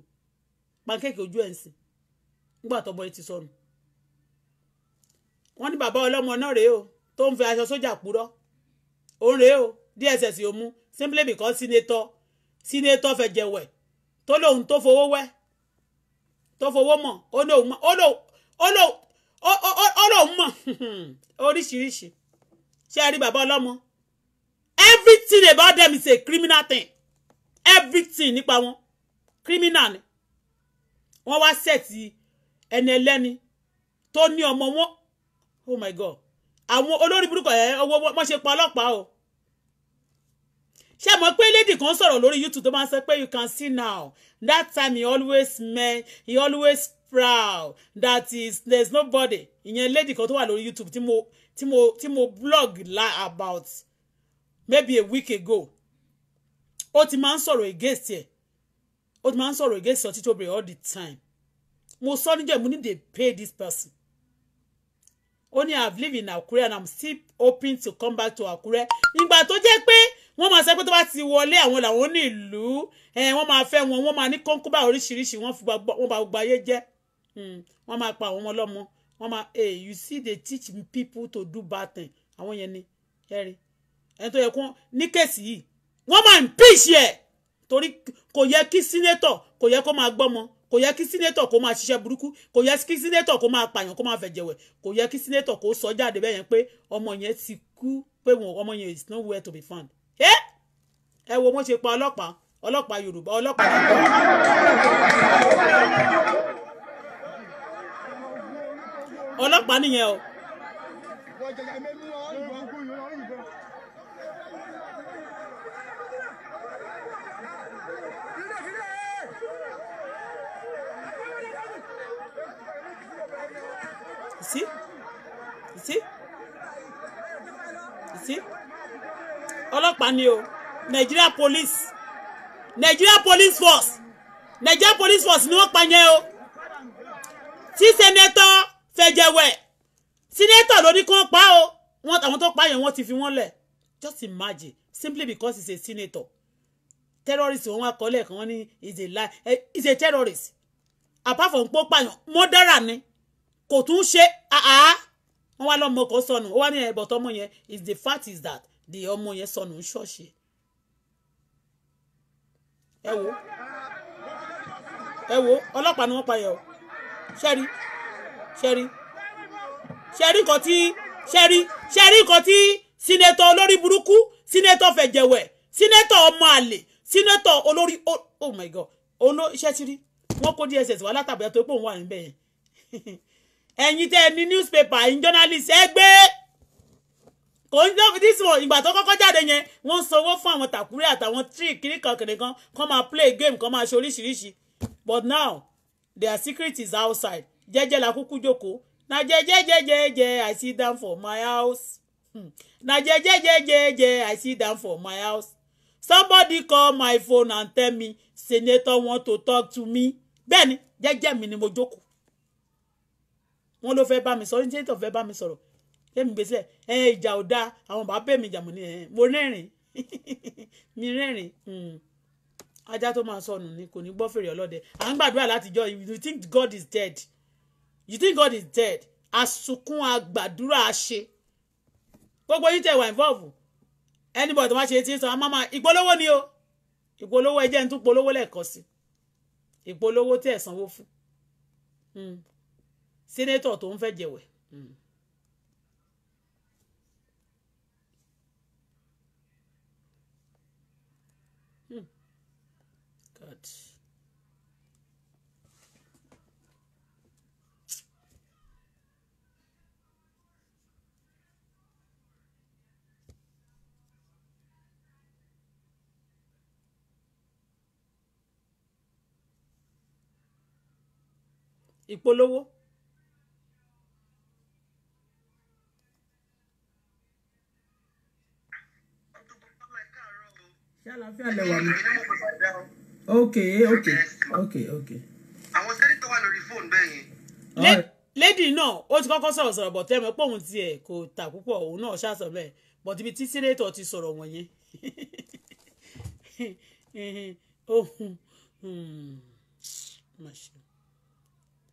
pancake ojú ẹ̀ ń sìn nígbà tọmọ ẹ ti sọnù wọ́n ní bàbá ọlọ́mọ náà rèé o tó ń fi aṣọ sójà purọ́ òun rèé o DSS ò mú simply because senator sínétọ́ fẹ̀jẹ̀wẹ̀ tó lóun tó fowó wẹ́ tó fowó mọ̀ ó lóun mọ̀ ó lóun mọ̀ <laughs> oríṣiríṣi ṣé ẹ rí bàbá ọlọ́mọ everything about them is a criminal thing everything nípa wọn criminal ni wọ́n wá sẹ́ẹ̀tì ẹni ẹlẹ́ni tó ní ọmọ wọn oh my god àwọn olórí burúkú ẹ̀ eh, ọwọ́ wọn ṣe pa ọlọ́pàá o ṣé mọ̀ pé lady kan sọ̀rọ̀ lórí youtube tó máa sọ pé you can see now that time he always men he always proud that is there is nobody ìyẹn lady kan tó wà lórí youtube tí mo tí mo tí mo blog la about maybe a week ago ó ti máa ń sọ̀rọ̀ against ẹ̀ ó ti máa ń sọ̀rọ̀ against ọtí tó bẹ̀rẹ̀ all the time mo sọ níjọ́ mo need to pay this person ó ní i have lived in Akure and i'm still hoping to come back to Akure nígbà tó jẹ́ pé wọ́n máa sọ pé tó bá ti wọlé àwọn làwọn ní ìlú wọ́n máa fẹ́ wọn wọ́n máa ní kọ́ńkúbà oríṣiríṣi wọ́n fi wọ́n bá gbogbo ayé jẹ́ hmm, wọ́n máa pa àwọn ọlọ́mọ wọ́n máa hey eh, you see they teach people to do bad things. àwọn yẹn ni ẹ̀rí ẹni tó yẹ kó ní kẹ̀sì yìí wọ́n máa ń pitch ẹ̀ torí kò yẹ kí sínétọ̀ kò yẹ kó máa gbọ́mọ kò yẹ kí sínétọ̀ kó máa ṣiṣẹ́ burúkú kò yẹ kí sínétọ̀ kó máa pààyàn kó máa fẹ̀jẹ̀wẹ̀ kò yẹ kí sínétọ̀ kó sọ jáde bẹ́ẹ̀ yẹn pé ọmọ yẹn ti kú pé ọmọ yẹn is nowhere to be found Eh, ẹ wo mo ṣe pa ọlọ́pàá ọlọ́pàá yorùbá ọlọ́pàá yorùbá. ọlọ́pàá nìyẹn o. See? See? ọlọ́pàá ni o Nigeria police Nigeria police force Nigeria police force ni wọ́n pa yẹn o tí sẹ́nẹ́tọ̀ fẹ̀jẹ̀wẹ̀ sẹ́nẹ́tọ̀ ló ní kí wọ́n pa o wọ́n àwọn tó pa yẹn wọ́n ti fi wọ́n lẹ̀ just imagine simply because he's a senator terrorist wọn wá kọ́lẹ̀ kan wọ́n ní he's a lie eh, He is a terrorist apart from pọ́ pààyàn mọ́dárà ni kò tún ṣe àá wọ́n wá lọ́mọ kan sọnù ó wá ní ẹ̀bọ̀ eh, tọmọ yẹn is the fact is that The ọmọ yẹn sọnù ń ṣọ̀ṣì ẹ wo ẹ wo ọlọ́pàá ni wọ́n pa yẹ o ṣẹ́rí ṣẹ́rí ṣẹ́rí kan tí ṣẹ́rí ṣẹ́rí kan tí sínétọ̀ olórí burúkú sínétọ̀ fẹ̀jẹ̀wẹ̀ sínétọ̀ ọmọ àlè sínétọ̀ olórí oh my god ono ṣẹ́tìrí wọ́n kó DSS wá látàbí ẹ̀ tó pòun wà níbẹ̀ yẹn <laughs> ẹ̀yin tẹ́ ẹ ní newspaper ẹ̀yin journalist ẹ gbé kò ń jọ́ this one ìgbà tó kọ́kọ́ jáde yẹn wọ́n ń sanwó fún àwọn tàkúrẹ́ àtàwọn tíì kiri kankiri kan kọ́ máa play game kọ́ máa ṣe oríṣiríṣi but now their secret is outside jẹ́jẹ́ la kúkú jókòó na jẹ́jẹ́jẹ́jẹ́jẹ́ i see down for my house hmm. na jẹ́jẹ́jẹ́jẹ́jẹ́ i see down for my house somebody call my phone and tell me senator want to talk to me bẹ́ẹ̀ni jẹ́jẹ́ mi ni mo jókòó wọ́n ló fẹ́ bá mi sọ̀rọ̀ senator fẹ́ bá mi sọ̀rọ̀ tẹ́mi gbèsè ẹ ìjà ò dáa àwọn bàbá bẹ́ẹ̀ <laughs> mi ìjà mọ̀ ní ẹ̀ mo rẹ́rìn mi rẹ́rìn hmm. ajá tó máa sọnù ni kò ní gbọ́ fèrè ọlọ́dẹ à ń gbàdúrà látijọ́ you think God is dead you think God is dead àsùnkún àgbàdúrà àṣe gbogbo yìí tẹ̀ wà involve anybody tó bá ṣe tí ń sọ àwọn máma ìpolówó ni o ìpolówó ẹjẹ́ ń tún polówó lẹ́ẹ̀kan sí ìpolówó tí ẹ̀ sanwó fún hmm. senator tó ń fẹ́ jẹ̀wẹ̀. Mm. ìpolówó ṣàlàfíà lẹwà ok ok ok ok. àwọn sẹ́nitọ́ wà lórí fóònù bẹ́ẹ̀ yẹn. lady náà ó ti kọ́kọ́ sọ̀rọ̀ sọ̀rọ̀ bọ̀ tẹ́mọ̀ pé òun tiẹ̀ kò tà púpọ̀ òun náà ṣàṣọ bẹ́ẹ̀ bọ̀ tíbi tí sínétọ̀ ti sọ̀rọ̀ wọ̀nyẹn <laughs> ohun. Hmm,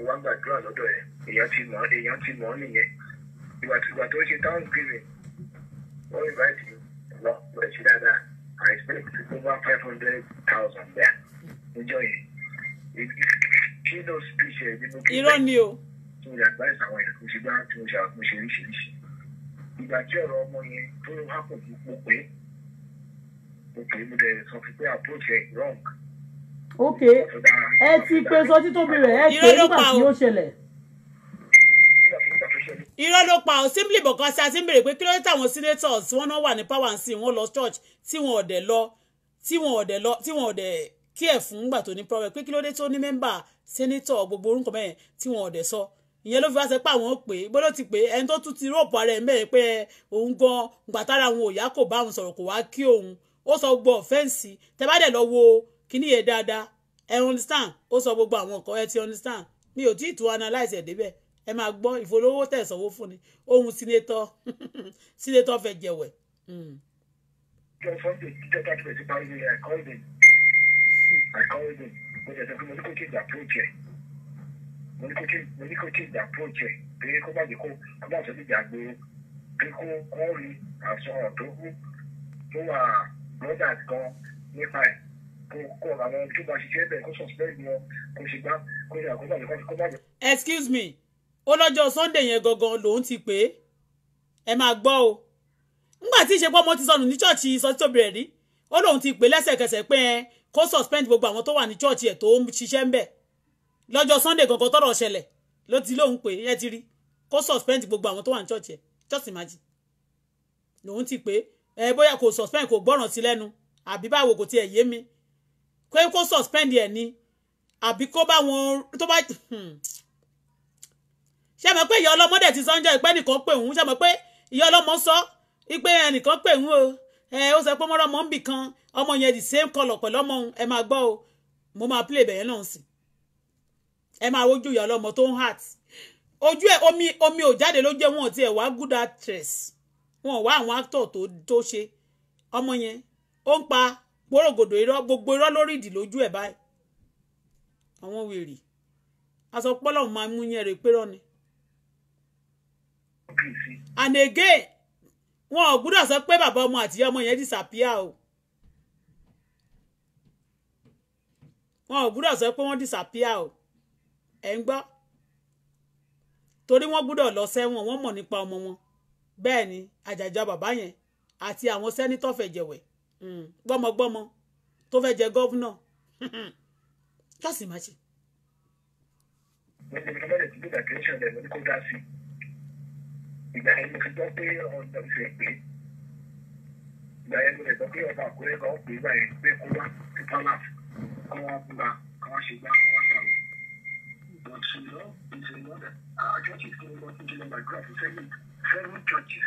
mo wá gbàdúrà lọ́dọ̀ ẹ̀ èèyàn ti mọ̀ èèyàn ti mọ̀ nìyẹn ìgbà tó ìgbà tó ṣe wọ́n invite mi lọ lọ sí dáadáa I expect over five hundred thousand there níjọ yẹn kí ló speech ẹ̀ nínú kí irọ́ ni o tí mo yàgbá ìsàwọn ẹ̀ mo ṣe mo ṣe mo ṣe oríṣiríṣi ìgbà tí ọ̀rọ̀ ọmọ yẹn tó hápò mo pé mo pè mo dẹ̀ sọ fún pé approach ẹ̀ wrong ok ẹ ti pe sọtítóbi rẹ̀ ẹ pé nígbà tí ó ṣẹlẹ̀ irọ́ ló pa ọ simply because a ti ń béèrè pé kí ló dé táwọn senators wọn náà wà ní power and sin wọn lọ church tí wọn ọ̀dẹ̀ lọ tí wọn ọ̀dẹ̀ lọ tí wọn ọ̀dẹ̀ kí ẹ̀ fún gbà tó ní problem pé kí ló dé tó ní mẹ́mbà senator gbogbo orúkọ mẹ́rin tí wọn ọ̀dẹ̀ sọ ìyẹn ló fi wá sẹ pé àwọn ò pé gbọ́dọ̀ ti pé ẹni tó tún ti rọ́ọ̀pù ara ẹ̀ mẹ́rin pé òun gan gbàtàrà àwọn òyà kò bá òun sọ̀rọ̀ kò wá kí òun ó sọ gbọ́ ọ̀fẹ́ǹsì tẹ́ bá dẹ̀ lọ wo kíní yẹn dáadáa ẹ understand ó sọ gbogbo àwọn nǹkan ẹ ti understand mi ò tí ì tún analyse ẹ̀ débẹ̀ ẹ máa gbọ́ ìfowórówó tẹ̀sánwó fún ni ohun sínétọ́ <laughs> sínétọ́ fẹ́ jẹ̀wẹ̀. Hmm. mo ní kó kí ìgbà approach ẹ pé kó má jẹ kó kó má nígbà gbòòrò pé kó kó rí àṣọ ọ̀dọ́ tó wà brother gan nípa ẹ̀ excuse me ó lọ́jọ́ sunday yẹn gangan lòun ti pè é ẹ máa gbọ́ o nígbà tí ìṣepọ̀ mo ti sọnù ní ṣọ́ọ̀ṣì sọ́títọ́bì rẹ̀ rí ó lóun ti pè lẹ́sẹ̀kẹsẹ̀ pé ẹ kó suspend gbogbo àwọn tó wà ní ṣọ́ọ̀ṣì ẹ̀ tó ń ṣiṣẹ́ ń bẹ̀ lọ́jọ́ sunday gangan tọ̀rọ̀ ṣẹlẹ̀ ló ti lóun pè é ti rí kó suspend gbogbo àwọn tó wà ní ṣọ́ọ̀ṣì ẹ̀ just imagine lòun ti pè é bóyá kò suspend kò gbọ́ràn sí lẹ́nu àbí báwo kò tiẹ̀ yé mi pé kó suspend ẹ̀ ni àbí kó bá wọn tó bá hmm. ṣe mọ̀ pé ìyá ọlọ́mọ dẹ̀ ti sọ́njọ́ ìpẹ́ nìkan pè òun ṣe mọ̀ pé ìyá ọlọ́mọ sọ pé ẹnìkan pè òun o ẹ ó sọ pé mọ́rọ́ mọ́ ń bì kan ọmọ yẹn the same colour pẹ̀lú ọmọ òun ẹ máa gbọ́ o mo máa play bẹ̀yẹn náà sí ẹ máa wojú ìyá ọlọ́mọ tó ń heart ojú ẹ omi omi ò jáde ló jẹ́ wọn ti ẹ̀ wá good actress wọn ò wá àwọn actor tó tó ṣe ọmọ yẹn ó ń pa gbòrògòdò irọ́ gbogbo irọ́ lórí ìdì lójú ẹ̀ báyìí àwọn wèrè aṣọ pọ́lọ̀ máa mú yẹn rè pé rọ́ni. and again wọn ò gbúdọ̀ sọ pé bàbá ọmọ àtìyá ọmọ yẹn disappear o wọn ò gbúdọ̀ sọ pé wọ́n disappear o ẹ̀ ń gbọ́ torí wọ́n gbúdọ̀ lọ sẹ́wọ̀n wọ́n mọ̀ nípa ọmọ wọn bẹ́ẹ̀ ni àjàjà bàbá yẹn àti àwọn sẹ́nitọ́ fẹ̀jẹ̀wẹ̀ gbọ́mọgbọ́mọ tó fẹ́ jẹ gọ́vnà just imagine. wọ́n ti fi lọ́dẹ̀ ìgbà yẹn mo fi gbọ́ pé ọ̀nà ìfẹ́ pé ìgbà yẹn mo lè gbọ́ pé ọba àkúrẹ́ kan pè é báyìí pé kó wá sí palace kó wá búra kó wá ṣe gbá kó wá ṣàwọ̀. but you know it's a lot of our churches kí ni wọ́n ti jẹ́ nígbà gbọ́ àti seven seven churches.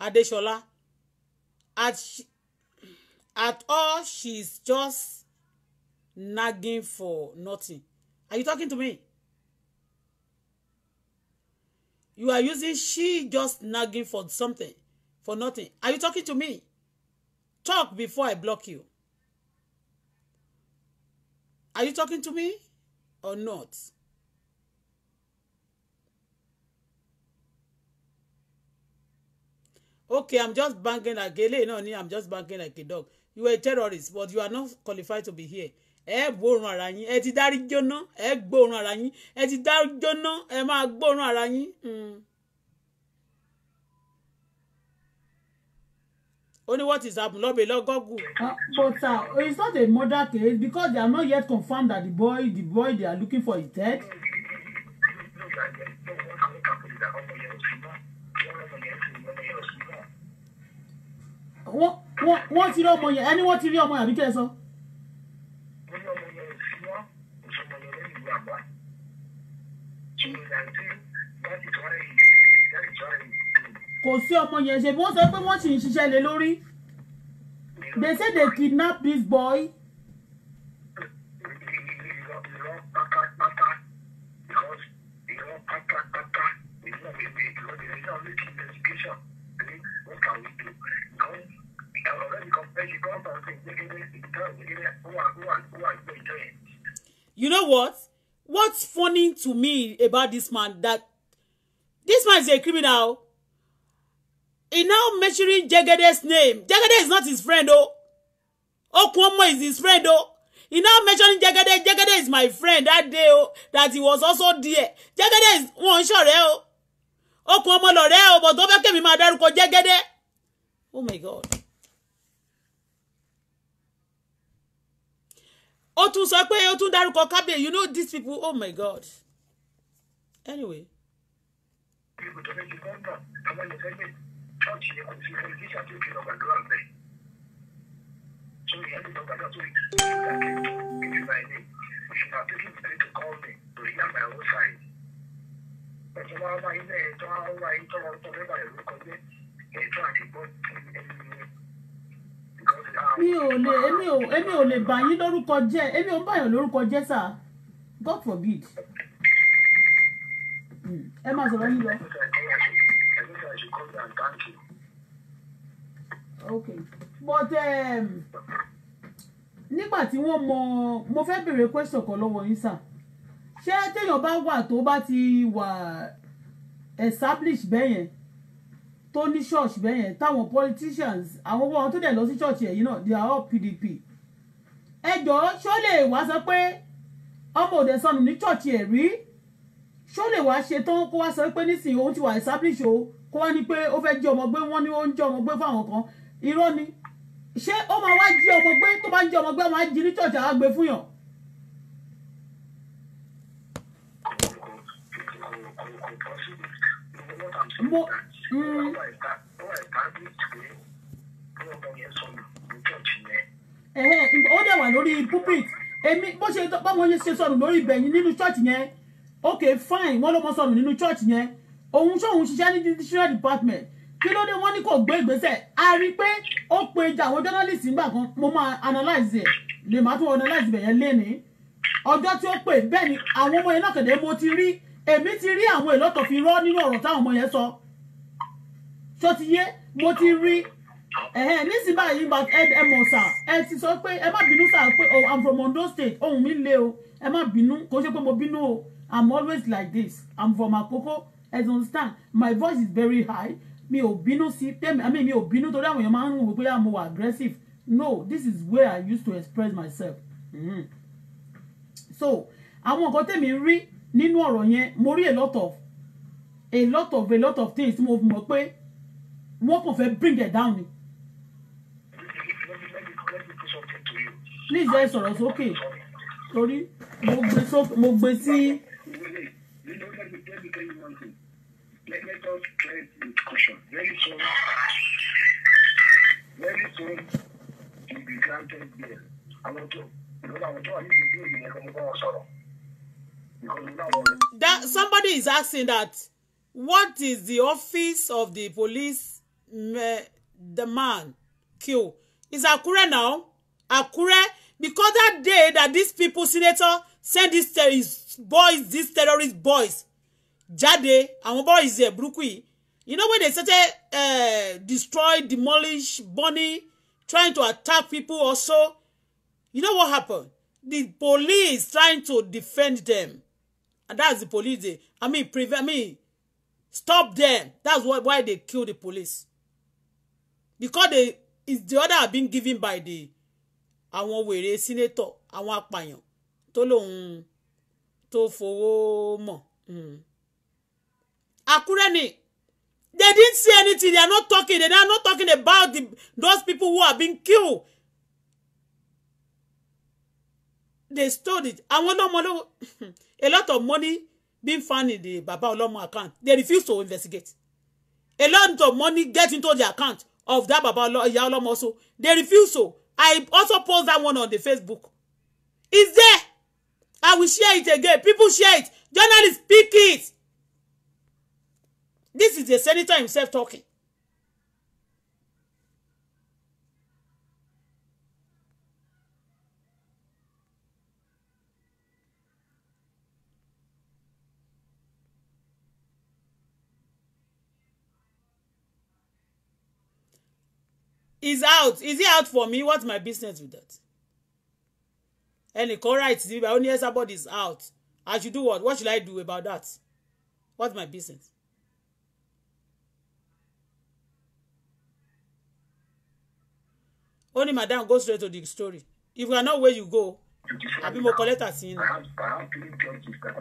Adesola at she, at all she's just nagging for nothing are you talking to me you are using she just nagging for something for nothing are you talking to me talk before I block you are you talking to me or not. okay i'm just banking like eléyìí náà ni i'm just banking like a dog you were a terrorist but you are not qualified to be here ẹ gbóòórùn ara yín ẹ ti dárí jóná ẹ gbóòórùn ara yín ẹ ti dárí jóná ẹ máa gbóòórùn ara yín. Hmm. ó ní what is happen lọ́bẹ̀ lọ́gọ́gù. Ah, but uh, it's not a murder case because they are not yet confirmed that the boy the boy they are looking for is dead wọ́n ti rí ọmọ yẹn ẹni wọ́n ti rí ọmọ yẹn àbí kẹ́ ẹ sọ. kò sí ọmọ yẹn ṣe bí wọ́n sọ pé wọ́n sì ń ṣiṣẹ́ lé lórí they say they kidnap this boy. Because, you You know what? What's funny to me about this man that this man is a criminal. He now mentioning Jegede's name. Jegede is not his friend, oh. Okwonmo is his friend, oh. He now mentioning Jegede. Jegede is my friend that day, oh. That he was also there. Jegede is one sure, oh okùn ọmọ lọ̀rẹ́ ọmọ tó fẹ́ kẹ́mi máa dárúkọ jẹ́gẹ́dẹ́ oh my god. ó tún sọ pé ó tún dárúkọ kábíyè you know these people oh my god anyway. ibi tó fẹ́ ti kọ́ńtà àwọn ìfẹ́ yẹn ṣọ́ọ̀ṣì yẹn kò sí fún mi nígbà tó kí lọ́gbà tó wà bẹ́ẹ̀ so ìyá mi lọ́gbà tó ìgbà ọ̀tọ̀ wa wá ilé ẹ̀tọ́ wa wá yìí tọ́wọ́ tọ́ mẹ́fà ìlú kan gbé ẹ̀tọ́ àti gbọ́ mi ò lè èmi ò èmi ò lè bà yín lórúkọ jẹ́ èmi ò ń lórúkọ jẹ́ sà God forbid hmm, ẹ máa sọ̀rọ̀ yín lọ. okay but um, nígbà tí wọ́n mọ mo fẹ́ béèrè question kan lọ́wọ́ yín sà ṣé téèyàn bá wà tó bá ti wà established bẹ́yẹn tó ní church bẹ́yẹn táwọn politicians àwọn owó àwọn tó dẹ̀ lọ sí church yẹn náà they are all PDP ẹ jọ̀ọ́ ṣó lè wá sọ pé ọmọ òde sọnù ní church yẹn rí ṣó lè wá ṣe tán kó wá sọ pé nísìnyí òun ti wà established o kó wá ní pé ó fẹ́ jí ọmọ gbé wọ́n ní ó ń jí ọmọ gbé fáwọn kan irọ́ ni ṣé ó máa wá jí ọmọ gbé tó bá ń jí ọmọ gbé ó máa jí ní church àgbẹ̀ fún yàn Mo ó dẹ̀ wà lórí pulpit èmi bó ṣe báwo ṣe ṣe sọnù lórí ibẹ̀ nínú church yẹn ok fine wọ́n ló mọ sọnù nínú church yẹn òun ṣóun ṣiṣẹ́ ní judicial department kí ló dé wọ́n ní kò gbé ìgbésẹ̀ a rí i pé ó pe ìjà àwọn journalist nígbà kan mo máa analyse lè má tún analyse ibẹ̀ yẹn lénìí ọjọ́ tí ó pè bẹ́ẹ̀ ni àwọn ọmọ yẹn náà kẹ̀dẹ̀ mo ti rí èmi ti rí àwọn èlò tó fi rọ́ nínú ọ̀rọ̀ táwọn ọmọ yẹn sọ tó ti yé mo ti rí ẹ̀hẹ́ nísìnyí báyìí bá ẹ mọ̀ sà ẹ ti sọ pé ẹ má bínú sà pé oh I'm from Ondo state ohun mi le o ẹ má bínú kò ṣe pé mo bínú o I'm always like this I'm from Akoko As ti understand my voice is very high mi ò bínú sí tẹ́mi àmì mi ò bínú torí àwọn èèyàn máa ń rò pé ah, mo wà aggressive no this is where I used to express myself mm. so àwọn nǹkan tẹ̀mí rí nínú ọ̀rọ̀ yẹn mo rí a lot of a lot of a lot of things tí mo mọ̀ pé wọ́n kàn fẹ́ bring it down please ẹ sọ̀rọ̀ sókè torí mo gbé sí. Let me just play with caution. Very soon, very you be granted bail. Àwọn tó, ìlú àwọn tó wà ní ìlú ìlú yẹn kò mú That somebody is asking that what is the office of the police me, the man Q? Is Akure now? Akure because that day that these people senator send these terrorist boys these terrorist boys jade àwọn boys yẹ burúkú you know when they started uh, destroy demolish burning trying to attack people also you know what happened the police trying to defend them and that's the police dey i mean prevent I mean stop them that's why why they kill the police because they is the order have been given by the àwọn wèrè senator àwọn apààyàn tó lòun tó fowó mọ̀ hmm. àkúrẹ́ ni they didn't see anything they are not talking they are not talking about the, those people who have been killed they stole it àwọn ọlọ́mọ ló <laughs> a lot of money being found in the baba ọlọ́mọ account they refuse to investigate a lot of money get into the account of that baba ìyá ọlọ́mọ also they refuse to I also post that one on the Facebook Is there I will share it again people share it journalists pick it this is the senator himself talking is out is he out for me what's my business with that ẹnìkan right sí bíbá ó ní Esabod is out I should do what what should I do about that what's my business. Only madam go straight to the story if you are not where you go àbí mo kọ lẹ́tà sí yín. I have I have three churches that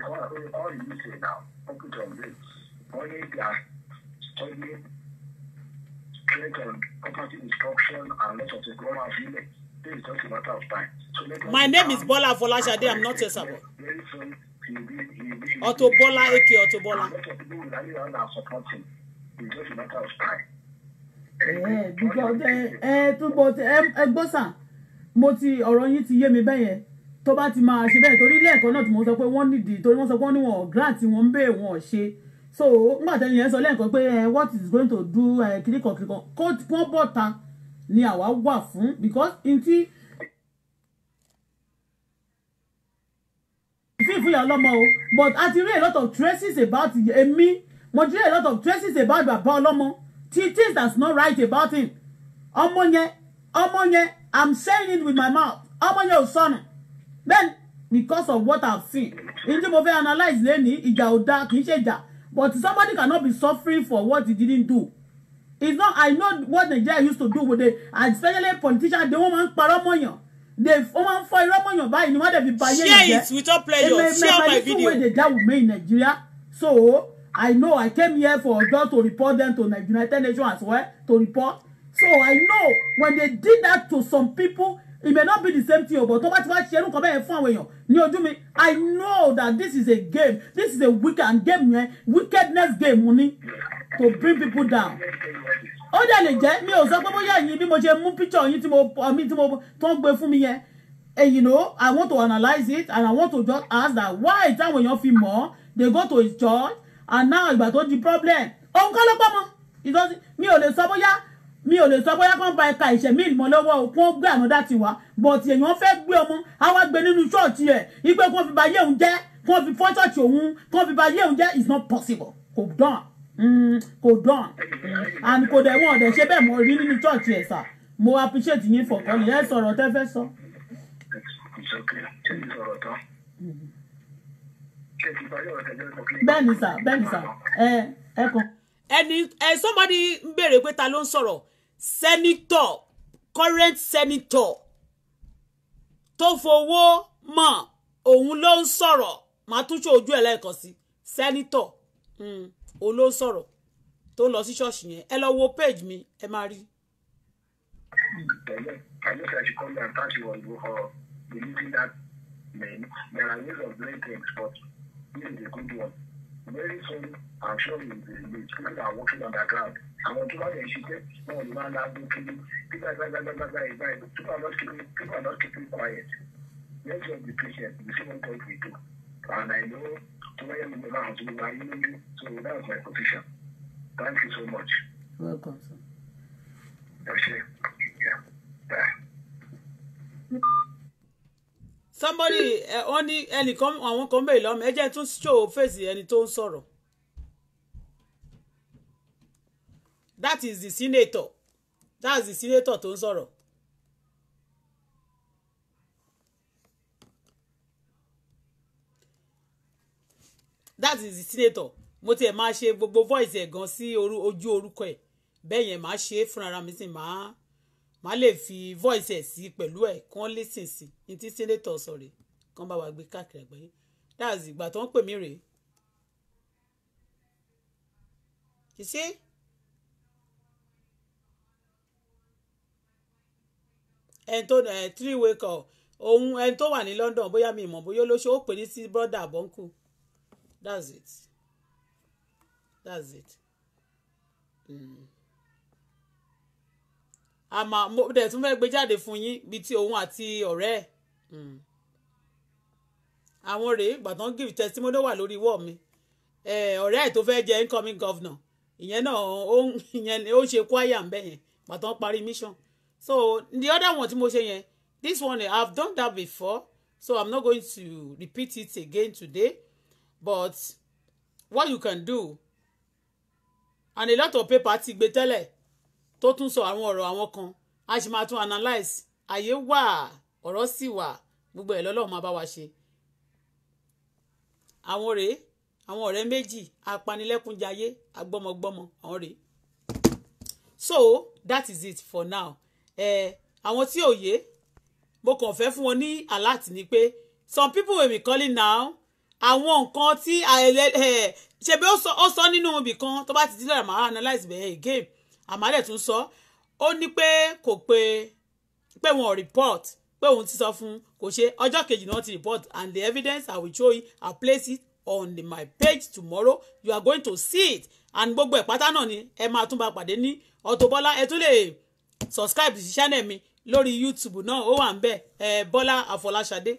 are all we all now hospital yìí wọ́n ní ìgbà study strength property instruction and lots of things wọ́n máa fi lẹ̀ this is just a matter of time. My name is Bola Folashade I'm not sabo. Auto Bola aka Auto Bola. A lot of people will rally around and support him it's just Ẹ ẹ túbọ̀ ẹ gbọ́sà mo ti ọ̀rọ̀ yín ti yé mi bẹ́yẹn tó bá ti máa ṣe bẹ́ẹ̀ torí lẹ́ẹ̀kan náà tí mo sọ pé wọ́n nídìí torí wọ́n sọ pé wọ́n níwọ̀n grant wọn ń bẹ́ẹ̀ wọn ò ṣe so nígbà tẹ́ni yẹn sọ lẹ́ẹ̀kan pé eh, what is going to do eh, kíríkan kíríkan kó wọ́n bọ̀ ta ni àwa wà fún because n ti fífún yà lọ́mọ o but a ti rí a lot of traces about èmi mo ti rí a lot of traces about bàbá ọlọ́mọ things that's not right about him ọmọ yẹn ọmọ yẹn i'm saying it with my mouth ọmọ yẹn ò sọnù Then, because of what I've seen èyí tí mo fẹ́ analyse lẹ́ni ìjà ò dáa kì í ṣe ìjà but somebody cannot be suffering for what he didn't do it's not I know what Nigeria used to do with the especially politicians they wọ́n máa ń parọ́ mọ́yàn they wọ́n máa ń fọ́ irọ́ mọ́yàn báyìí ni wọ́n dẹ̀ fi ba yẹn jẹ́ share it without pleasure share my video wey dey down with me in Nigeria so I know I came here for just to report them to United Nations as well to report so I know when they did that to some people it may not be the same thing but tó bá She don't come irú nǹkan when you. You do me. i know that this is a game this is a wicked and game yẹn wickedness game money to bring people down Oh, dẹ̀ lè jẹ́ mi ò sọ pé bóyá ẹ̀yin bí mo ṣe mú picture yín tí mo mi tí mo tó ń gbé mi yẹn and you know i want to analyze it and i want to just ask that why that when you feel more, they go to his church and now ìgbà tó di problem òun kọ́ ló pọ̀ mọ́ mi ò lè sọ bóyá mi ò lè sọ bóyá kán ba ẹ̀ka ìṣẹ̀mí ìmọ̀ lọ́wọ́ o kún ó gbé ànádá ti wá bọ̀tì èèyàn fẹ́ gbé ọmọ àwa gbé nínú ṣọ́ọ̀ṣì ẹ̀ ipe kó fi ba òun jẹ́ kó fi fọ́ ṣọ́ọ̀ṣì òun kó fi ba òun jẹ́ it's not possible kò dán mm, kò dán mm. and kò dẹ̀ wọ́n ọ̀dẹ̀ ṣe bẹ́ẹ̀ mo rí nínú ṣọ́ọ̀ṣì ẹ̀ sà mo appreciate yín for calling ẹ sọ̀rọ̀ tẹ́ fẹ́ sọ. bẹ́ẹ̀ni sà bẹ́ẹ̀ni sà ẹ ẹ kan. ẹni ẹ somebody ń béèrè pé ta ló ń sọ̀rọ̀ senator current senator tó fowó mọ̀ òun ló ń sọ̀rọ̀ màá tún ṣojú ẹ̀ lẹ́ẹ̀kan sí senator hmm, òun ló ń sọ̀rọ̀ tó lọ sí ṣọ́ọ̀ṣì yẹn ẹ lọ wo page mi ẹ máa rí. Uh, believing that man. There are ways of doing things, but this is a good one very soon i'm sure you will people are working underground àwọn tó bá lè ṣiṣẹ́ wọn ò ní máa lágbó kiri people are gbàgbàgbàgbà ìgbà ìgbà people are not keeping people are not keeping quiet let's just be patient we see one point we do and i know tó bá yẹ mi lọ́la àwọn tó bá yẹ mi lójú so that's my position thank you so much. welcome sir. ẹ ṣe yeah bye somebody eh, wọ́n ní ẹnìkan àwọn kan bèèrè lọ́mọ ẹ jẹ́ tún show face ẹni tó ń sọ̀rọ̀ that is the senator that is the senator tó ń sọ̀rọ̀. that is the senator mo tiẹ̀ máa ṣe gbogbo voice ẹ̀ gan sí ojú orúkọ ẹ̀ bẹ́ẹ̀ yẹn máa ṣe é fúnra mi sì máa màá lè fi voice ẹ̀ sí pẹ̀lú ẹ̀ kán listen sí ní tí senator sọ rèé kán bá wa gbé káàkiri àgbáyé dáàzì ìgbà tó ń pè mí rèé you see ẹni tó ẹ three way call òun ẹni tó wà ní London bóyá mi ìmọ̀ bóyá olóṣó ó pè ní sí brother àbọ̀nkù that's it that's it. Mm àmà mo dẹ̀ tún fẹ́ gbé jáde fún yín bí ti òun àti ọ̀rẹ́ ẹ̀ hmm. àwọn rèé gbàtàn give testimony wà lórí wọ́ọ̀ mi ọ̀rẹ́ ẹ̀ tó fẹ́ jẹ́ incoming governor ìyẹn náà ó ìyẹn ó ṣe kwaya ń bẹ̀ yẹn gbàtàn parí mission so the other one tí mo ṣe yẹn this one i have done that before so i'm not going to repeat it again today but what you can do and a lot of paper ti gbé tẹ́lẹ̀ tó tún sọ àwọn ọ̀rọ̀ àwọn kan a sì máa tún analyse àyè wà ọ̀rọ̀ sì wà gbogbo ẹ̀ lọ́lọ́run máa bá wa ṣe. àwọn rèé àwọn ọ̀rẹ́ méjì apanilẹ́kúnjayé agbọ́mọgbọ́mọ àwọn rèé. so that is it for now àwọn tí ò yé mo kàn fẹ́ fún wọn ní alert ni pé some people will be calling now àwọn nǹkan tí ṣe bí ó sọ nínú ibì kan tó bá ti di lọ́rọ̀ màá analyse bẹ́ẹ̀ again àmàlẹ̀ tún sọ ó ní pé kò pé pé wọn report pé òun ti sọ fún kò ṣe ọjọ́ kejì náà ti report and the evidence I will show you I place it on the, my page tomorrow you are going to see it and gbogbo ẹ̀ pátá náà ni ẹ máa tún bá pàdé ní Auto Bola ẹ tún lè subscribe sí channel mi lórí YouTube náà ó wà ń bẹ ẹ Bọ́lá Àfọláṣadé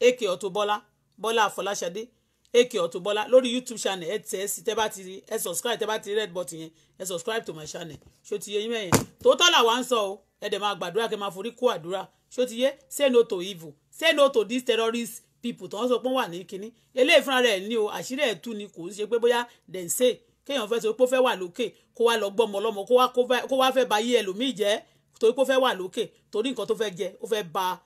èkè Auto Bola Bọ́lá Àfọláṣadé ak otubola. lórí youtube channel ẹ tẹ̀ ẹ sí tẹ́ bá ti rí ẹ subscribe tẹ́ bá ti rí red button yẹn ẹ subscribe to my channel ṣó ti yé yín mẹ́yẹn tòótọ́ làwa ń sọ o ẹ dẹ̀ máa gbàdúrà kẹ́ máa forí kó àdúrà ṣó ti yé say no to evil say no to these terrorist people tó ń sọ pé wọ́n wà ní kínní eléyìí fúnra rẹ̀ ní o àṣírí ẹ̀ tú ni kò ń ṣe pé bóyá dem say kéèyàn fẹ́ sọ pé ó fẹ́ wà lókè kó wá lọ gbọ́mọ lọ́mọ kó wá fẹ́ ba yé ẹlòmíì jẹ́ torí pé ó fẹ́ wà lókè torí nǹkan tó fẹ́ jẹ ó fẹ́ ba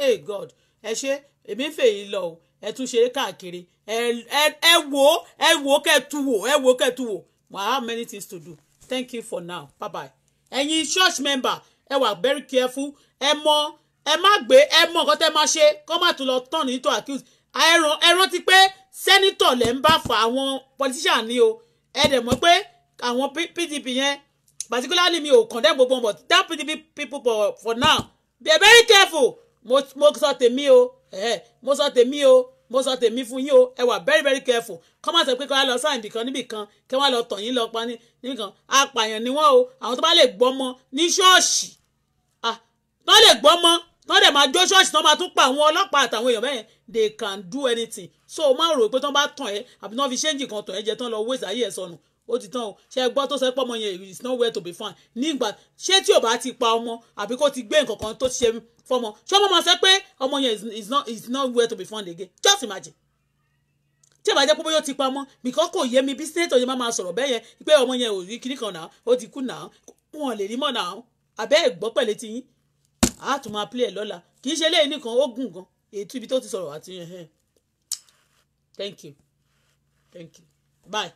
hey God ẹ ṣe èmi fèyí lọ o ẹ tún ṣeré káàkiri ẹ wò ó ẹ wò ó kẹ́ wò ẹ wò ó kẹ́ wò we have many things to do thank you for now bye bye ẹ̀yin church member ẹ wà very careful ẹ mọ ẹ má gbé ẹ mọ nǹkan tẹ́ máa ṣe kọ́ má tún lọ tán ní tó accuse ẹran ẹran ti pé sẹ́nítọ̀ lẹ́ ń bá fa àwọn politician ni o ẹ dẹ̀ mọ̀ pé àwọn PDP yẹn particularly mi ò condemn gbogbo wọn but PDP people for, now be very careful mo mo sọ tèmi o mo sọ tèmi o mo sọ tèmi fún yín o ẹ wà very very careful kọ́ máa sọ pé kí wọ́n lọ sáà nìkan níbìkan kí wọ́n lọ tọ̀ yín lọ pa nìkan apààyàn ni wọ́n o àwọn tó bá lè gbọ́mọ ní ṣọ́ọ̀ṣì tọ́ lè gbọ́mọ tọ́ dẹ̀ máa jó ṣọ́ọ̀ṣì tọ́ máa tún pa àwọn ọlọ́pàá àtàwọn èèyàn bẹ́ẹ̀ they can do anything so o máa rò pé tọ́ bá tàn ẹ́ àbí tọ́ fi ṣéǹjì kan tàn ẹ́ jẹ tán lọ wéṣà ayé ẹ̀ sọnù ó ti tán o ṣe é gbọ́ tó sọ pé ọmọ yẹn is not where to be found nígbà ṣé tí ò bá ti pa ọmọ àbí kó ti gbé nǹkan kan tó ṣe For fọmọ ṣé ọmọ máa sọ pé ọmọ yẹn is not is not where to be found again just imagine tí ẹ bá jẹ́ pé bóyá ó ti pamọ́ bìkọ́ kò yé mi bí sẹ́tọ̀ yẹn máa sọ̀rọ̀ bẹ́ẹ̀ yẹn pé ọmọ yẹn ò rí kíní kan náà ó ti kú náà wọn lè rí mọ́ náà àbẹ́ ẹ̀gbọ́ pẹ̀lẹ́ ti yín á tún máa play ẹ̀ lọ́la kì í ṣe eléyìí nìkan ó gùn gan ètò ibi tó ti sọ̀rọ̀ àti yẹn thank you thank you bye.